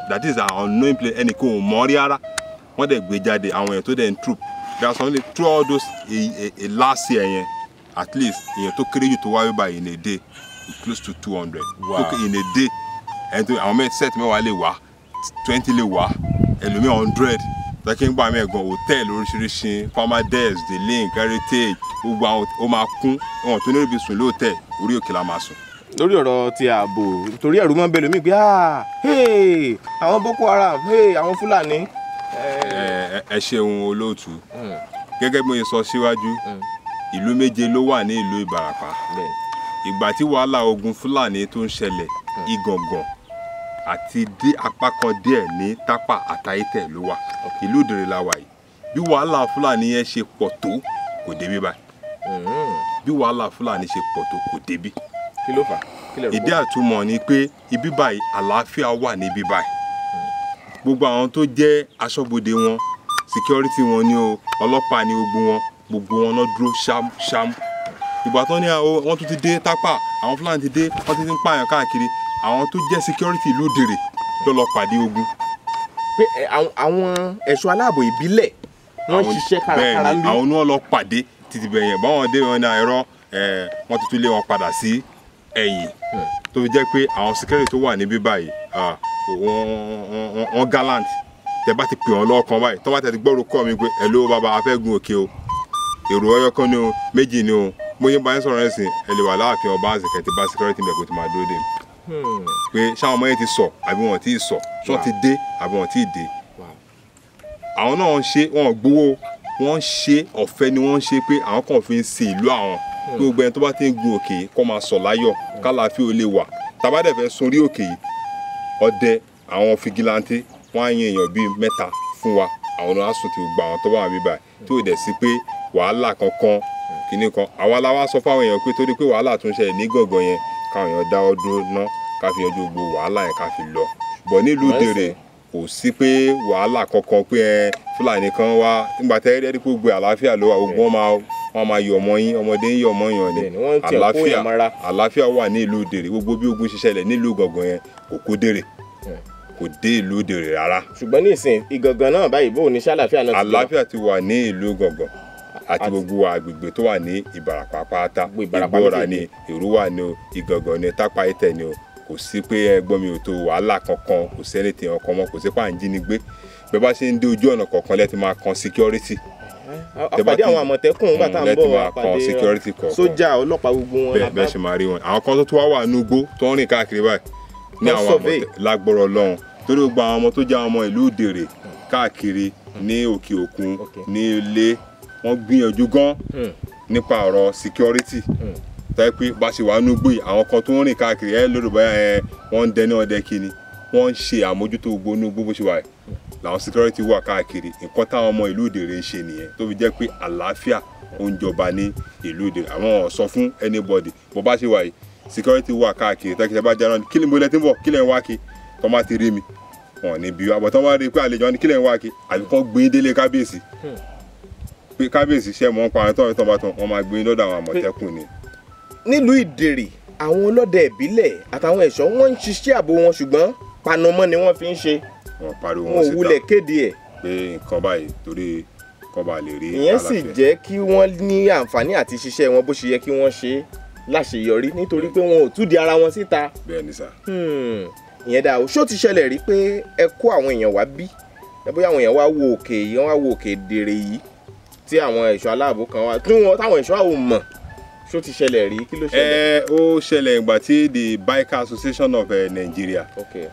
that is an unknown place ẹnì kan ò mọ̀ rí rárá wọ́n dẹ̀ gbé jáde àwọn èèyàn tó dẹ̀ ń troop there are some people through all those a a a last year yẹn at least èèyàn tó kéré jù tó wáyé báyìí in a day close to two hundred wow. in a day ẹni tó àwọn mẹ́rin set mẹ́wàá lè wá twenty lè wá ẹlòmíì hundred tọ́kí ń gbà mí ẹ̀gbọ́n hòtẹ́ẹ̀lì oríṣiríṣi palmades the link heritage gbogbo àwọn ó máa kún wọn tó ní ibi sùn lóòótẹ́ orí òkè la máa sùn. lórí ọ̀rọ̀ ti ààbò torí ẹ̀rù mọ́ bẹ́ẹ̀ lómi pé ah, àwọn boko haram àwọn fúlàní. ẹ ṣeun olóòtú gẹ́gẹ́ bí mo ṣe sọ síwájú ìlú méje ló wà ní ìlú ìbàràpá ìgbà tí wàhálà ogun fúlàní tó ń ṣẹlẹ̀ ìgàngàn àti dé apá kan díẹ̀ ní tápà àtayétẹ̀ ló wà ìlú òdèrè la wà yìí bí wàhálà fúlàní yẹn ṣe pọ̀ tó kò débi báyìí mhm. bí wàhálà fúlàní ṣe pọ̀ tó kò débi. kí ló fà á ìdí àtúmọ̀ ni pé ibi báyìí àlàáfíà wà níbi báyìí gbogbo àwọn tó jẹ́ aṣọ́bodè wọn security wọn ni o ọlọ́pàá ni gbogbo wọn gbogbo wọn náà dúró ṣámṣám ìgbà tán ni wọn tún ti dé tápà àwọn fúlàní ti dé wọn ti ń pààyàn káàkiri àwọn tó jẹ́ security ìlú dèrè ló lọ pàdé ogun. pé àwọn ẹ̀ṣọ́ aláàbò ìbílẹ̀ wọ́n ṣiṣẹ́ kárakára lórí. bẹ́ẹ̀ni àwọn náà lọ pàdé títí bẹ̀yẹn báwọn dé wọn náà ẹ̀rọ wọn tuntun lé wọn padà sí ẹ̀yìn hmm. tó fi jẹ́ pé àwọn security tó wà níbí báyìí wọ́n gallant tẹ bá ti pè wọn lọ́ọ̀kan báyìí tọ́ bá tẹ ti gbọ́rọ̀ kọ́ mi pé ẹ̀ ló bàbá afẹ́ gun òkè o èrò ọyọ kan ní o méjì ní o mo yín bá yín sọ̀rọ̀ ẹ̀sìn ẹ̀ lè wà láàfin ọba àzẹ̀kẹ́ ti bá security mẹ́kò tó máa dúró dé mi pé ṣáwọn ọmọ yẹn ti sọ àbí wọn ti sọ ṣọ ti dé àbí wọn ti dé àwọn náà ń ṣe wọn gbowó wọn ń ṣe ọ̀fẹ́ ni wọ́n ń ṣe pé àwọn kan fi ń ṣe ìlú àwọn pé hmm. gbogbo ẹni tó bá ti ń gun òkè kó máa sọ̀ láyọ̀ hmm. kálàáfíà ó lè wà tàbádẹ̀ fẹ́ sun orí òkè yìí ọdẹ àwọn fìgìláńtì wọn á yan èèyàn bíi mẹ́ta fún wa àwọn náà á sùn tí gbogbo àwọn tó wà níbà tí ò dẹ̀ sí pé wàhálà kankan hmm. kìnnìkan àwa la wá sọ fáwọn èèyàn pé torí pé wàhálà tún ṣẹlẹ̀ ní gàngàn yẹn káwọn èèyàn dáwọ́ dúró náà ká fi yanjú gbogbo wàhálà yẹn ká fi lọ bọ̀ nílùú dèrè kò sí pé wàhálà kankan pé ẹ fúlàní kan wá nígbà tẹ́ ẹ rí pé gbogbo àlàáfíà ló wà gbogbo wọn máa wọn máa yọ ọmọ yín ọmọdé ń yọ ọmọ yàn ni àlàáfíà àlàáfíà wà ní ìlú dèrè gbogbo bí ogun ṣiṣẹlẹ̀ nílùú gàngàn yẹn kò kó dèrè hmm. kò dé ìlú dèrè rárá. ṣùgbọ́n ní ìsìn ìgangan náà báyìí bó o ní ṣàlàáfíà náà ti wà. àlàáfíà ti wà ní ìlú gàngàn àti gbogbo àgbègbè tó wà ní ìbàràpá pátá ìgbóra ni èrú wà ní ìgangan ni tápá ni kò sí pé ẹgbọ́n mi ò tó wàhálà kankan kò sí ẹni tèèyàn kan mọ́ kò sí pàǹjí ni gbé bẹ́ẹ̀ bá ṣe ń dé ojú ọ̀nà kọ̀ọ̀kan lẹ́ẹ̀ máa kan security. àpàdé àwọn àmọ̀tẹ́kùn nígbà tá à ń bọ̀ àpàdé security kọ̀ọ̀kan sójà ọlọ́pàá gbogbo wọn. bẹ́ẹ̀ bẹ́ẹ̀ ṣe máa rí wọn àwọn kan tó tún wá wà nùgbó tó ń rìn káàkiri báyìí ní àwọn àmọ̀tẹ́kùn lágbọ́rọ̀ lọ́hùn torí gbogbo àwọn ọmọ tó jẹ́ àwọn ọmọ ìlú òdèrè káàkiri ní òkè òkun hmm. security hmm tẹ́ pé bá ṣe wà nú gbé àwọn kan tó ń rìn káàkiri ẹ lórí bá ẹ wọ́n ń dẹni ọdẹ kiri wọ́n ń ṣe àmójútó gbogbo inú gbogbo ṣe wà làwọn security wà káàkiri nǹkan táwọn ọmọ ìlú Ìdèrè ń ṣe nìyẹn tó fi jẹ́ pé àlàáfíà ó ní ìlú Ìdèrè àwọn sọ fún anybody bó bá ṣe wà yìí security wà káàkiri tẹ́kí bá jẹ́ kí ni mo lẹ ti ń bọ̀ kí lẹ̀ ń wá kí tọ́ má kábíyèsí hmm. pé kábíyèsí ṣẹ́ mọ́ pa àwọn tọ́ wọn máa gbé lọ́dọ̀ àwọn àmọ̀tẹ́kùn ni nílùú ìdèrè àwọn ọlọ́dẹ ìbílẹ̀ àtàwọn ẹ̀ṣọ́ wọn ń ṣiṣẹ́ ààbò wọn ṣùgbọ́n panumọ́ ni wọ́n fi ń ṣe wọn pariwo wọn síta wọn wulẹ̀ kéde ẹ̀. pé nǹkan báyìí torí kọ́ bá lè rí àlàáfíà. ìyẹn sì jẹ́ kí wọ́n ní àǹfààní àti ṣiṣẹ́ wọn bó ṣe yẹ kí wọ́n ṣe láṣeyọrí nítorí pé wọn ò túdi ara wọn síta. bẹ́ẹ̀ni sá. Hmm. ìyẹn dáa ṣó ti ṣẹlẹ̀ rí pé ẹ kó àwọn èèyàn wá bí bóyá àwọn èèyàn wá wo òkè yìí wá wo òkè dèrè yìí tí àwọn ẹ̀ṣọ́ aláàbò kan wá tí wọ́n táwọn ẹ̀ṣọ́ àwọn mọ̀ ṣó ti ṣẹlẹ̀ rí kí ló ṣẹlẹ̀. ẹ eh, ó ṣẹlẹ̀ ìgbà tí the biker association of uh, Nigeria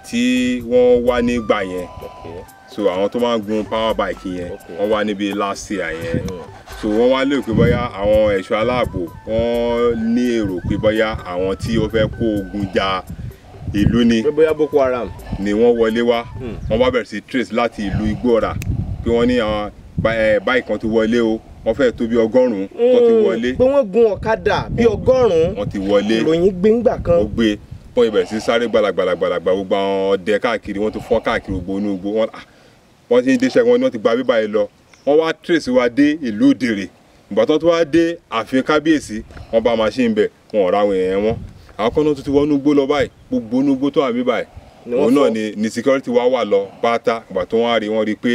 tí wọ́n wá nígbà yẹn so àwọn tó máa ń gun power bike yẹn wọ́n wá níbi last year yẹn so wọ́n wá lérò pé bóyá àwọn ẹ̀ṣọ́ aláàbò wọ́n ní èrò pé bóyá àwọn tí ó fẹ́ kó ogun ja ìlú ni pé bóyá Boko Haram ni wọ́n wọlé wá hmm. wọ́n bá bẹ̀rẹ̀ sí trace láti ìlú Igbóọ̀rà pé wọ́n ní àwọn eh, báyìí kan tó wọlé o wọ́n fẹ́ tó bí ọgọ́rùn-ún tó ti mm, wọlé. pé wọ́n gun ọ̀kadà bí ọgọ́rùn-ún wọ́n ti wọlé ìròyìn gbéńgbà kan. ó gbé pọ́n ibẹ̀ sí sáré gbalagbalagbalagbà gbogbo àwọn ọdẹ káàkiri wọ́n ti fọ́n káàkiri gbogbo inú gbogbo wọn ah, wọ́n ti ń déṣẹ́ wọn ni wọ́n ti gba bíbá yìí lọ wọ́n wá tírèsì wa dé ìlú òdèrè ìgbà tó wá dé ààfin kábíyèsí wọ́n bá machine bẹ̀ wọn ò ráwọn èèyàn wọn àwọn kan náà tún ti wọ́n núgbó lọ báyìí gbogbo núgbó tó wà mí báyìí òun náà ni security wa wà lọ pátá ìgbà tó wọ́n á rí wọ́n rí pé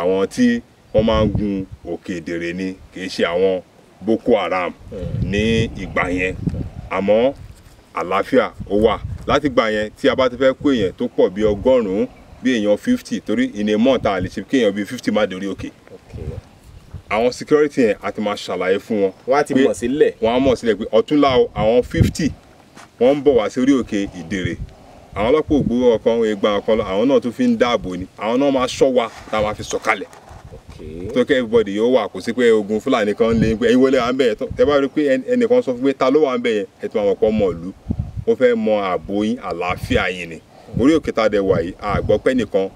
àwọn tí wọ́n máa ń gun òkè ìdèrè ni kì í ṣe àwọn Boko Haram ní ìgbà yẹn àmọ́ àlàáfíà ó wà láti ìgbà yẹn tí a bá ti fẹ́ kó èèyàn tó pọ̀ bí ọgọ́rùn-ún bí èèyàn fifty torí in a month tá a lè ṣe kí èèyàn bí fifty má dórí òkè àwọn security yẹn a ti máa ṣàlàyé fún wọn. wọ́n á ti mọ̀ sílẹ̀. wọ́n á mọ̀ sílẹ̀ pé ọ̀túnla o àwọn fifty wọ́n ń bọ̀ wá sí orí òkè ìdèrè àwọn ọlọ́pàá ògbówó ọkàn ìgbà ọkàn àwọn náà tún fi ń dáàbò ni àwọn náà máa ṣọ́ wa tá a máa fi sọ̀kalẹ̀ tó kẹ́ everybody yóò wà kò sí pé ogun fúlàní kan lé pé ẹ̀yin wọlé wà ń bẹ̀ yẹn tẹ́ bá rí pé ẹnìkan sọ pé ta ló wà ń bẹ̀ yẹn ẹ̀ tó máa mọ̀ pọ́ mọ̀ ìlú ó fẹ́ mọ ààbò yín àlàáfíà yín ni orí òkè tá a dẹ̀ wà yìí àgbọ̀ pé ẹnìkan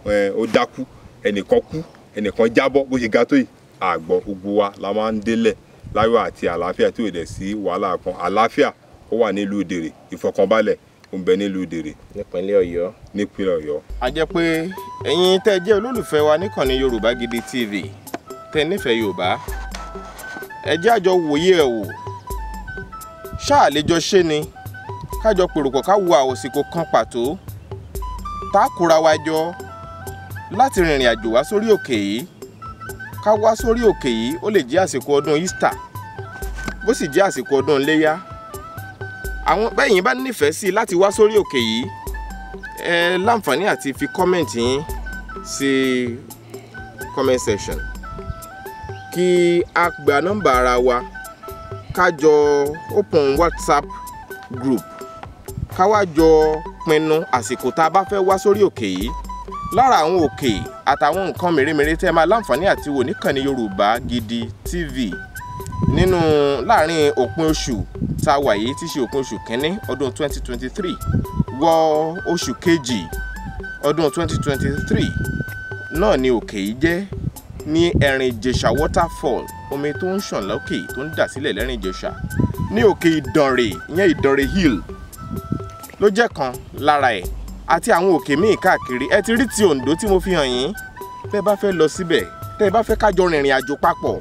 ó dákú ẹnìkan kú ẹnìkan jábọ́ bó ṣe ga tó yìí àgbọ̀ gbogbo wa la máa ń délẹ̀ láyọ̀ àti àlàáfíà tí ò dẹ̀ sí wàhálà kan àlàáfíà ó wà nílùú Ìdèrè ìfọ̀kànbalẹ̀ ó ń bẹ nílùú Ìdèrè. nípínlẹ̀ Ọ̀yọ́. nípínlẹ̀ Ọ̀yọ́. a jẹ́ pé ẹ̀yin tẹ́ ẹ jẹ́ olólùfẹ́ wa níkànnì Yorùbá Gidi TV tẹ́ nífẹ̀ẹ́ Yorùbá ẹ jẹ́ àjọ wòye ẹ̀ wò ṣáà lẹ́jọ́ ṣé ni kájọ pèròpọ̀ ká wo àwòsíkò kan pàtó tá a kóra wa jọ láti rìnrìn àjò wá sórí òkè yìí ká wá sórí òkè yìí ó lè jẹ́ àsìkò ọdún Easter bó sì jẹ́ àsìkò ọdún iléyá àwọn bẹ́yìn bá nífẹ̀ẹ́ sí láti wá sórí òkè yìí ẹ láǹfààní àti fi kọ́mẹ̀ntì yín sí comment section kí a gba nọ́mbà ara wa ká open whatsapp group ká wá jọ pinnu àsìkò tá a bá fẹ́ wá sórí òkè yìí lára àwọn òkè àtàwọn nǹkan mèremère tẹ́ máa láǹfààní àti wò níkànnì Yorùbá Gidi TV nínú láàrin òpin oṣù tá a wà yìí tí ṣe òpin oṣù kínní ọdún 2023 wọ oṣù kejì ọdún 2023 náà ni òkè yìí jẹ́ ní ẹ̀rìn ìjẹ̀ṣà waterfall omi tó ń ṣàn lókè tó ń dà sílẹ̀ lẹ́rìn ìjẹ̀ṣà ní òkè ìdànrè ìyẹn ìdànrè hill ló jẹ́ kan lára ẹ̀ àti àwọn òkè míì káàkiri ẹ ti rí ti Oǹdó tí mo fi hàn yín tẹ́ bá fẹ́ lọ síbẹ̀ tẹ́ bá fẹ́ kájọ rìnrìn àjò papọ̀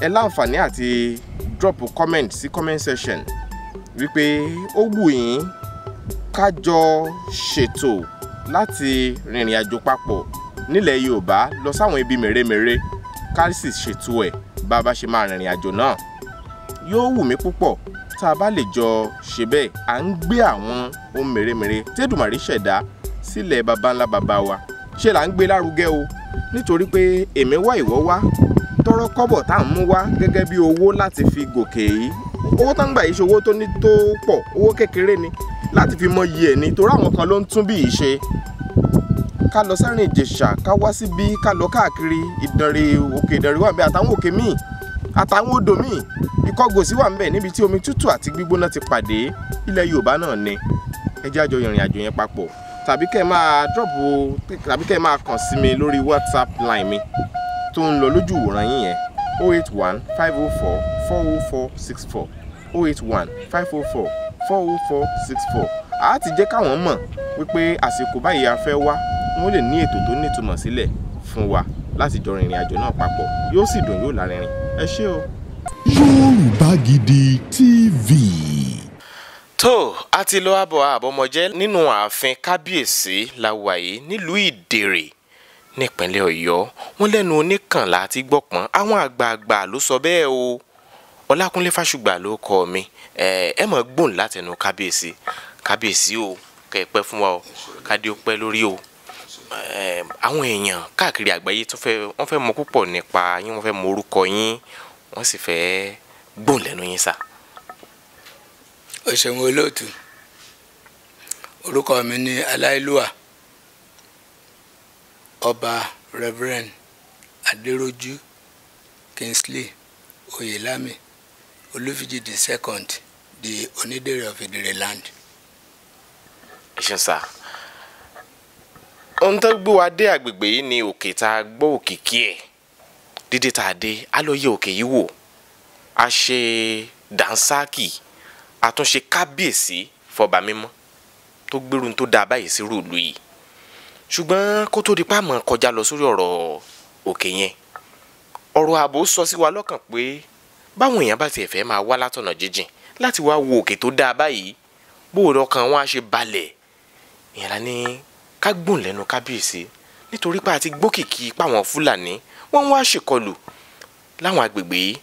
ẹ láǹfààní àti drop comment sí comment section wípé ó wù yín ká jọ ṣètò láti rìnrìn àjò papọ̀ nílẹ̀ Yorùbá lọ sáwọn ibi mèremère ká sì ṣètò ẹ̀ bá a bá ṣe máa rìnrìn àjò náà yóò wù mí púpọ̀ tá a bá lè jọ ṣe bẹ́ẹ̀ à ń gbé àwọn ohun mèremère tẹ́dùmàrí ṣẹ̀dá sílẹ̀ baba wa ṣe là ń gbé lárugẹ o nítorí pé èmi wá ìwọ wá tọ́rọ́ kọ́bọ̀ tá à ń mú wá gẹ́gẹ́ bí owó láti fi gòkè yìí owó tó ń gbà yìí ṣe owó tó ní tó pọ̀ owó kékeré ni láti fi mọ iye ẹ̀ torí àwọn kan ló ń tún bí yìí ṣe ká lọ sẹ́rìn ìjẹ̀ṣà ká wá síbí ká lọ káàkiri ìdànrè òkè ìdànrè wà ń àtàwọn òkè míì àtàwọn odò míì ìkọgòsí wà ń níbi tí omi tútù àti gbígbóná ti pàdé ilẹ̀ yorùbá náà ni ẹ àjọ ìrìn àjò yẹn papọ̀ tàbí kẹ́ máa drop tàbí kẹ́ máa kàn sí mi lórí whatsapp line mi tó ń lọ lójú ìwòran yín yẹn 081 504 40464 081 504 40464 a ti jẹ́ káwọn mọ̀ wípé àsìkò báyìí a fẹ́ wá wọ́n lè ní ètò tó nítumọ̀ sílẹ̀ fún wa láti jọ rìnrìn àjò náà papọ̀ yóò sì dùn yóò lárinrin ẹ ṣé o. Yorùbá Gidi TV. tó a ti lọ abọ̀ àbọ̀mọ̀jẹ́ nínú ààfin kábíyèsí la wà yìí nílùú Ìdèrè nípínlẹ̀ ọ̀yọ́ wọ́n lẹ́nu oníkànlá àti gbọ̀pọ̀n àwọn àgbààgbà ló sọ bẹ́ẹ̀ o ọlákúnlé fásùgbà ló kọ mi ẹ mọ̀ gbòòn látẹnu kábíyèsí kábíyèsí o kẹ́ ẹ pẹ́ fún wa o kádé ó pẹ́ lórí o àwọn èèyàn káàkiri àgbáyé tó fẹ́ wọ́n fẹ́ mọ púpọ̀ nípa yín wọ́n fẹ́ mọ orúkọ yín wọ́n sì fẹ́ gbòòn lẹ́nu yín sá. o ṣeun olóòtú orúkọ mi ni aláìlúwà ọba reverend adéròjú kingsley oyelami olúfìjì the second the onídèrè of ìdèrè land. ẹ ṣe sá ohun tó gbé wa dé àgbègbè yìí ni òkè tá a gbọ́ òkìkí ẹ̀ dídé tá a dé a lọ yẹ̀ òkè yìí wò a ṣe dànsákì a tún ṣe kábíyèsí fọba mímọ́ tó gbérun tó dáa báyìí sí rúùlù yìí ṣùgbọ́n kó tó di pàmò kọjá lọ sórí ọ̀rọ̀ òkè yẹn ọ̀rọ̀ ààbò sọ sí wa lọ́kàn pé báwọn èèyàn bá tiẹ̀ fẹ́ máa wá látọ̀nà jíjìn láti wá wo òkè tó dáa báyìí bóòrò ọkàn wọn á ṣe balẹ̀ ìyẹn la ní ká gbùn lẹ́nu kábíyèsí nítorí pé àti gbókìkí páwọn fúlàní wọ́n ń wá ṣèkọlù láwọn agbègbè yìí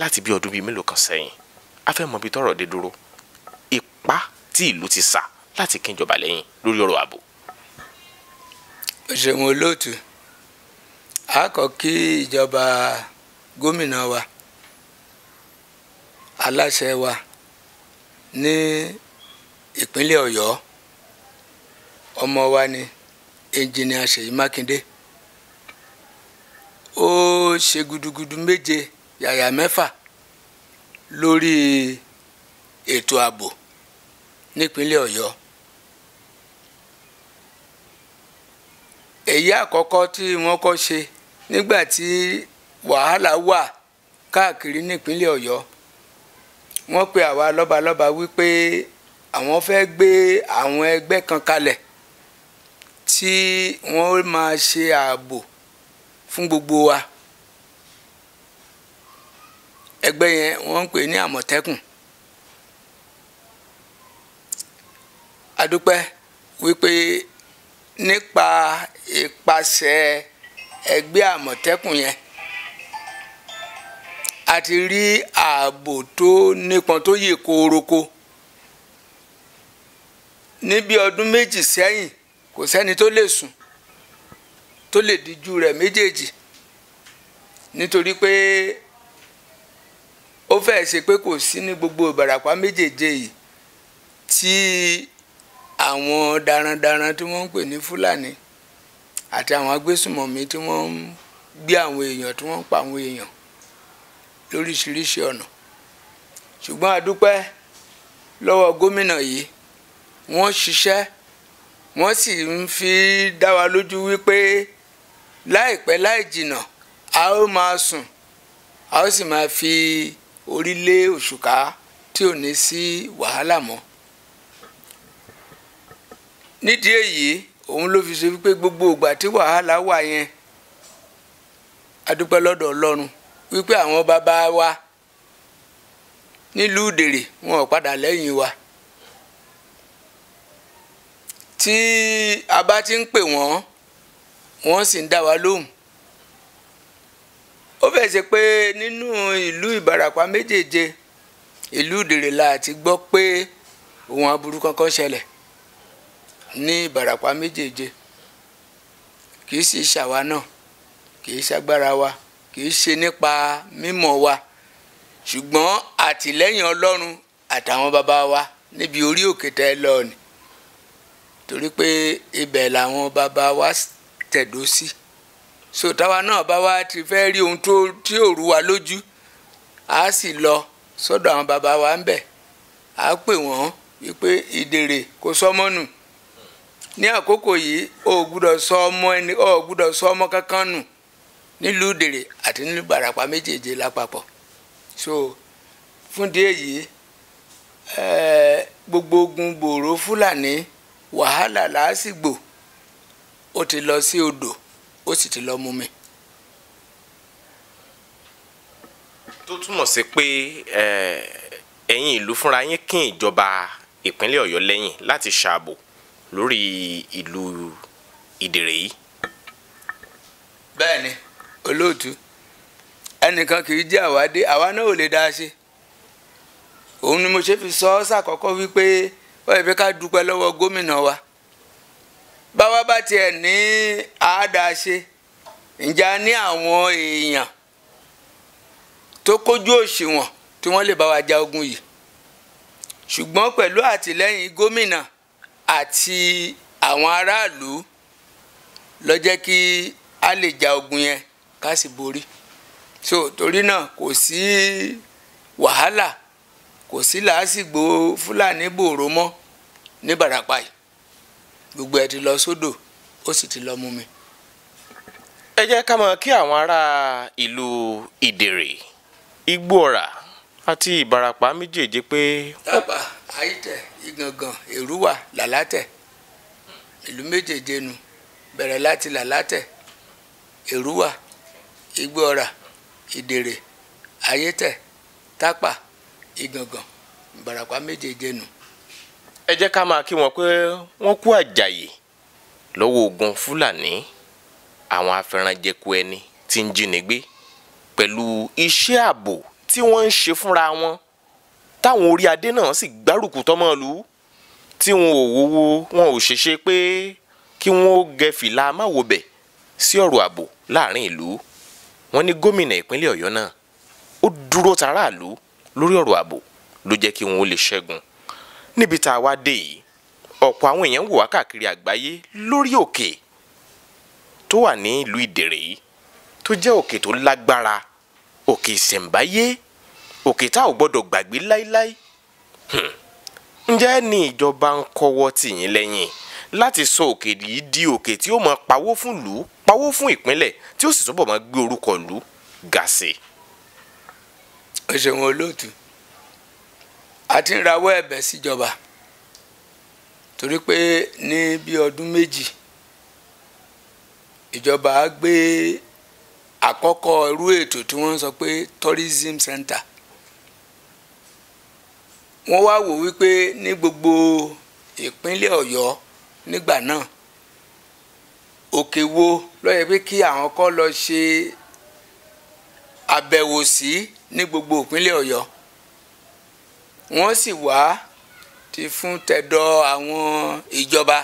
láti bí ọdún bíi mélòó kan sẹ́yìn a fẹ́ mọ ibi tọ́rọ̀ dé dúró ipá tí ìlú ti sà láti kíjọba lẹ́yìn lórí ọ̀rọ̀ ààbò òṣèwọ̀n olóòtú àkọ́ kí ìjọba gómìnà wa aláṣẹ wa ní ìpínlẹ̀ ọ̀yọ́ ọmọ wa ni ẹnjìnìà ṣèyí mákindé ó ṣe gudugudu méje yàyà mẹ́fà lórí ètò ààbò nípínlẹ̀ ọ̀yọ́ èyí àkọ́kọ́ tí wọ́n kọ́ ṣe nígbà tí wàhálà wà káàkiri nípínlẹ̀ ọ̀yọ́ wọ́n pe àwa lọ́balọ́ba wípé àwọn fẹ́ gbé àwọn ẹgbẹ́ kan kalẹ̀ tí wọ́n máa ṣe ààbò fún gbogbo wa ẹgbẹ́ yẹn wọ́n ń pè ní àmọ̀tẹ́kùn adúpẹ́ wípé nípa ìpasẹ̀ ẹgbẹ́ àmọ̀tẹ́kùn yẹn a ti rí ààbò tó nípọn tó yè kóróko ní bí ọdún méjì sẹ́yìn kò sẹ́ni tó lè sùn tó lè díjú rẹ̀ méjèèjì nítorí pé ó fẹ́ẹ̀ ṣe pé kò sí ní gbogbo ìbàràpá méjèèjì yìí tí àwọn darandaran tí wọ́n ń pè ní fúlàní àti àwọn agbésùmọ̀mí tí wọ́n ń gbé àwọn èèyàn tí wọ́n ń pa àwọn èèyàn lóríṣiríṣi ọ̀nà ṣùgbọ́n a dúpẹ́ lọ́wọ́ gómìnà yìí wọ́n ṣiṣẹ́ wọ́n sì ń fi dá wa lójú wípé láìpẹ́ láì jìnà a ó máa sùn a ó sì máa fi orílẹ̀ òṣùká tí ò ní sí wàhálà mọ́ nídìí èyí òun ló fi ṣe wípé gbogbo ìgbà tí wàhálà wà yẹn adúpẹ́ lọ́dọ̀ ọlọ́run wípé àwọn bàbá wa nílùú ìdèrè wọn ò padà lẹ́yìn wa tí a bá ti ń pè wọ́n wọ́n sì ń dá wa lóhùn ó fẹ́ ṣe pé nínú ìlú ìbarapá méjèèje ìlú ìdèrè la ti gbọ́ pé ohun aburú kankan ṣẹlẹ̀ ní ìbàràpá méjèèje kì í sì ṣàwa náà kì í ṣàgbára wa kì í ṣe nípa mímọ̀ wa ṣùgbọ́n àtìlẹ́yìn ọlọ́run àtàwọn bàbá wa níbi orí òkè tẹ́ lọ ni torí pé ibẹ̀ làwọn bàbá wa tẹ̀dó sí so táwa náà bá wa ti fẹ́ rí ohun tí ò rú wa lójú a sì lọ sọ́dọ̀ àwọn bàbá wa ń bẹ̀ a pè wọ́n wípé ìdèrè kò sọ́mọ́nù. So, ní àkókò yìí o gbúdọ̀ sọ ọmọ ẹni o gbúdọ̀ sọ ọmọ kankan nù nílùú Ìdèrè àti nílùú Ìbàràpá méjèèjì lápapọ̀ so fún díẹ̀ yìí eh, gbogbo ogun gbòòrò Fúlàní wàhálà làásìgbò ó ti lọ sí odò ó sì ti lọ mú mi. tó túmọ̀ sí pé eh, ẹ̀yin ìlú fúnra yín kín ìjọba ìpínlẹ̀ Ọ̀yọ́ lẹ́yìn láti ṣààbò lórí ìlú ìdèrè yìí. bẹ́ẹ̀ni olóòtú ẹnìkan kì í jẹ àwádé àwa náà ò lè dá a ṣe òun ni mo ṣe fi sọ ọ́ sàkọ́kọ́ wípé wọ́n yẹ fẹ́ ká dúpẹ́ lọ́wọ́ gómìnà wa báwa bá tiẹ̀ ní àádáṣe ǹjẹ́ a ní àwọn èèyàn tó kójú òṣùwọ̀n tí wọ́n lè bá wa ja ogun yìí ṣùgbọ́n pẹ̀lú àtìlẹ́yìn gómìnà àti àwọn aráàlú ló jẹ́ kí a lè ja ogun yẹn ká sì borí so torí náà kò sí wàhálà kò sí làásìgbò fúlàní gbòòrò mọ́ ní Ìbàràpá yìí gbogbo ẹ ti lọ sódò ó sì ti lọ mú mi. ẹ jẹ́ ká mọ̀ kí àwọn ará ìlú ìdèrè igbóọ̀rà àti ìbàràpá méjèèjì pé. dábàá àyítẹ́ igangan èrúwà làlátẹ̀ ìlú méjèèje nu bẹ̀rẹ̀ láti làlátẹ̀ èrúwà igbóọrà ìdèrè ayétẹ̀ tápà igangan ìbàràpá méjèèje nu. ẹ jẹ́ ká máa kí wọn pé wọ́n kú àjàyè lọ́wọ́ ogun fúlàní àwọn afẹ́ranjẹko ẹni tí ń jínigbé pẹ̀lú iṣẹ́ ààbò tí wọ́n ń ṣe fúnra wọn táwọn orí adé náà sì gbárùkù tọ́mọ́lú tí wọn ò wúwo wọn ò ṣeṣe pé kí wọn ó gẹ fìlà máwòbẹ̀ sí ọ̀rọ̀ ààbò láàrin ìlú wọn ní gómìnà ìpínlẹ̀ ọ̀yọ́ náà ó dúró taráàlú lórí ọ̀rọ̀ ààbò ló jẹ́ kí wọn ó lè ṣẹ́gun níbi tá a wá dé yìí ọ̀pọ̀ àwọn èèyàn ń wò wá káàkiri àgbáyé lórí òkè tó wà ní ìlú ìdèrè yìí tó jẹ́ òkè tó lágbára òkè ìṣẹ̀ǹbáyé òkè tá ò gbọ́dọ̀ gbàgbé láíláí hmm. ǹjẹ́ ní ìjọba ń kọ́wọ́ tì yín lẹ́yìn láti sọ òkè yìí di òkè tí ó mọ pawó fún lù ú pawó fún ìpínlẹ̀ tí ó sì túbọ̀ máa gbé orúkọ lù ú ga sí ẹ ṣeun olóòtú a ti ń rawọ́ ẹ̀bẹ̀ síjọba torí pé ní bíi ọdún méjì ìjọba gbé àkọ́kọ́ irú ètò tí wọ́n sọ pé tourism center wọ́n wá wò wípé ní gbogbo ìpínlẹ̀ ọ̀yọ́ nígbà náà òkè wo ló yẹ pé kí àwọn kọ́ lọ ṣe àbẹ̀wò sí ní gbogbo ìpínlẹ̀ ọ̀yọ́ wọ́n sì wá ti fún tẹ̀dọ̀ àwọn ìjọba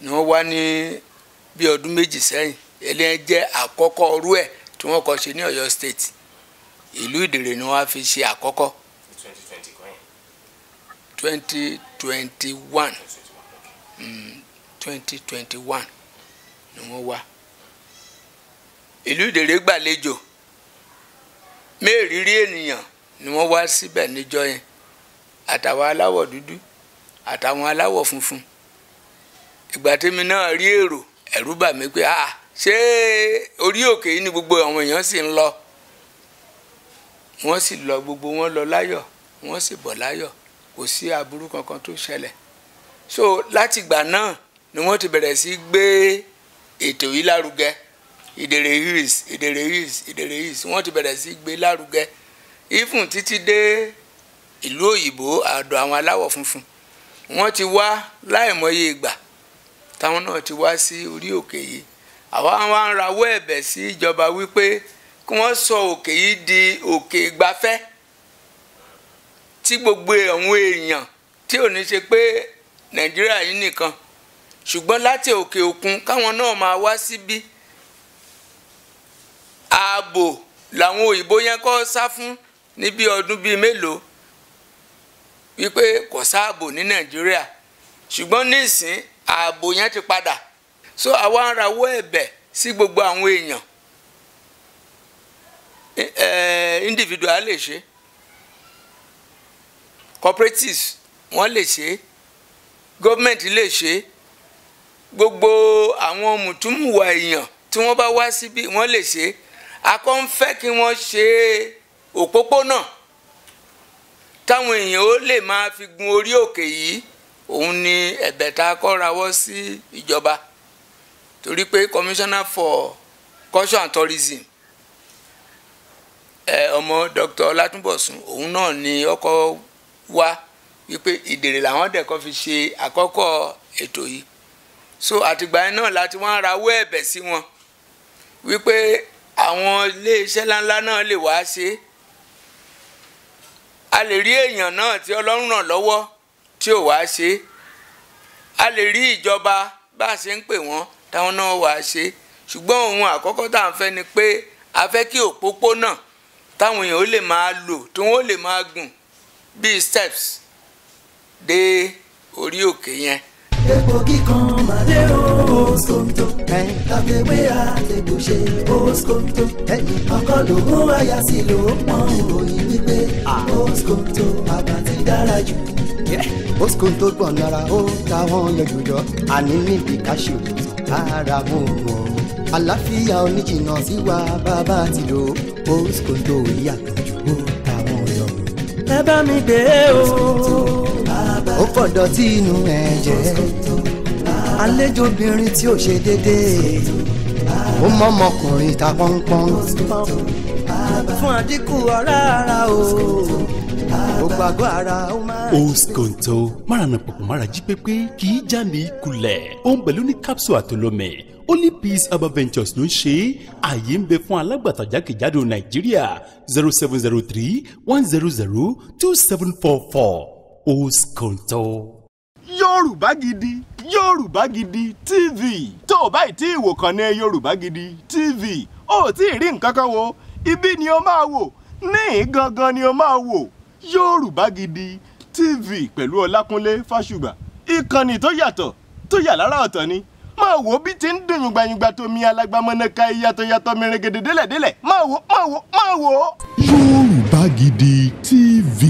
ni wọ́n wá ní bí ọdún méjì sẹ́yìn eléyẹn jẹ́ àkọ́kọ́ ọrú ẹ̀ tí wọ́n kọ́ ṣe ní ọ̀yọ́ state ìlú ìdèrè ni wọ́n á fi ṣe àkọ́kọ́ twenty mm, twenty one twenty twenty one ni wọ́n wá ìlú Ìdèrè gbàlejò mẹ́rìírí ènìyàn ni wọ́n wá síbẹ̀ níjọ́ yẹn àtàwọn aláwọ̀ dúdú àtàwọn aláwọ̀ funfun ìgbà tèmi náà rí èrò ẹ̀rú bà mí pé ah ṣé orí òkè yìí ni gbogbo àwọn èèyàn sì ń lọ wọ́n sì lọ gbogbo wọn lọ láyọ̀ wọ́n sì bọ̀ láyọ̀ kò sí aburú kankan tó ṣẹlẹ̀ so látìgbà náà ni wọ́n ti bẹ̀rẹ̀ sí gbé ètò yìí lárugẹ Ìdèrè hills Ìdèrè hills Ìdèrè hills wọ́n ti bẹ̀rẹ̀ sí gbé lárugẹ ifun títí dé ìlú òyìnbó àdó àwọn aláwọ̀ funfun wọ́n ti wá láìmọye ìgbà táwọn náà ti wá sí orí òkè yìí àwa wa ń rawọ́ ẹ̀bẹ̀ sí ìjọba wípé kí wọ́n sọ òkè yìí di òkè ìgbafẹ́ sí gbogbo àwọn èèyàn tí ò ní ṣe pé nàìjíríà yìí nìkan ṣùgbọ́n láti òkè òkun káwọn náà máa wá síbí ààbò làwọn òyìnbó yẹn kọ́ sá fún níbi ọdún bíi mélòó wípé kò sáàbò ní nàìjíríà ṣùgbọ́n nísìn ààbò yẹn ti padà so àwa ń rawọ́ ẹ̀bẹ̀ gbogbo àwọn èèyàn individual lè ṣe. cooperatives wọ́n lè ṣe é gọ́ọ̀mẹ̀ntì lè ṣe é gbogbo àwọn mùtúmùwà èèyàn tí wọ́n bá wá síbí wọ́n lè ṣe é akọ́ ń fẹ́ kí wọ́n ṣe òpópónà táwọn èèyàn ó lè máa fi gun orí òkè yìí òun ni ẹ̀bẹ̀ tá a sí ìjọba torí pé commissioner for culture and tourism ẹ ọmọ dr ọlátúnbọ̀sùn òun náà ni ọkọ̀ wa, wípé ìdèrè làwọn dẹ̀kọ́ fi ṣe àkọ́kọ́ ètò yìí so àtìgbà yẹn náà láti wọ́n rawọ́ ẹ̀bẹ̀ sí wọn wípé àwọn iléeṣẹ́ ńláńlá náà lè wá ṣe é a lè rí èèyàn náà tí ọlọ́run ràn lọ́wọ́ tí ò wá ṣe é a lè rí ìjọba bá a ṣe ń pè wọ́n táwọn náà wá ṣe é ṣùgbọ́n ohun àkọ́kọ́ tá à ń fẹ́ ni pé a fẹ́ kí òpópónà táwọn èèyàn ó lè máa lò tí wọ́n ó lè máa gùn bíi steps dé orí òkè yẹn. epo kíkan màdé ooskomto tàbíwé àtẹ̀gbò ṣe ooskomto ọkọ lòún àyà sí ló pọn òyìn wípé ooskomto ah. bàbá ti dára jù oskun tó gbọ̀n nara ó táwọn yọjú jọ àní níbi káṣù ara mú wọn. àlàáfíà oníjìnà sí wa bàbá àtìlò oskun tó yàtọ̀ jù ú ẹ bá mi gbé o. ó fọ̀dọ̀ tí inú ẹ̀ jẹ́ àlejò obìnrin tí ò ṣe déédéé ó mọ ọmọkùnrin ta pọ́npọ́n fún àdínkù ọ̀rá ara o ògbàgbọ́ ara ó máa. oskonto márànà pọ̀pọ̀ mára jí pépé kì í já ní kulẹ̀ ó ń pẹ̀lú ní capsule àtolómẹ̀ Holy Peace Herbal Ventures ló ń ṣe é ààyè ń bẹ fún alágbàtà jákèjádò Nàìjíríà zero seven zero three one zero zero two seven four four oskonto. Yorùbá Gidi Yorùbá Gidi TV tó o bá ti wò kàn ní Yorùbá Gidi TV ó ti rí nǹkan kan wo ibi ni o máa wò ní gangan ni o máa wò Yorùbá Gidi TV pẹ̀lú Ọlákúnlé Fásùgbà ìkànnì tó yàtọ̀ tó yà lára ọ̀tọ̀ ni máa wò bí ti ń dùn yùngbàyùngbà tó mi alágbàmọ́nàka ìyàtọ̀yàtọ̀ mèrègèdè délẹ̀délẹ̀ máa wò máa wò máa wò. Yorùbá Gidi TV.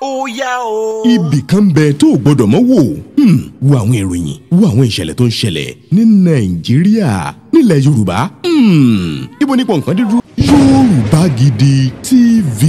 ó yá o. ibì kan ń bẹ tó o gbọdọ̀ mọ́ wò hmm, wo àwọn ìròyìn wo àwọn ìṣẹ̀lẹ̀ tó ń ṣẹlẹ̀ ní Nàìjíríà nílẹ̀ Yorùbá hmm, ibo nípò nǹkan dídú. Yorùbá Gidi TV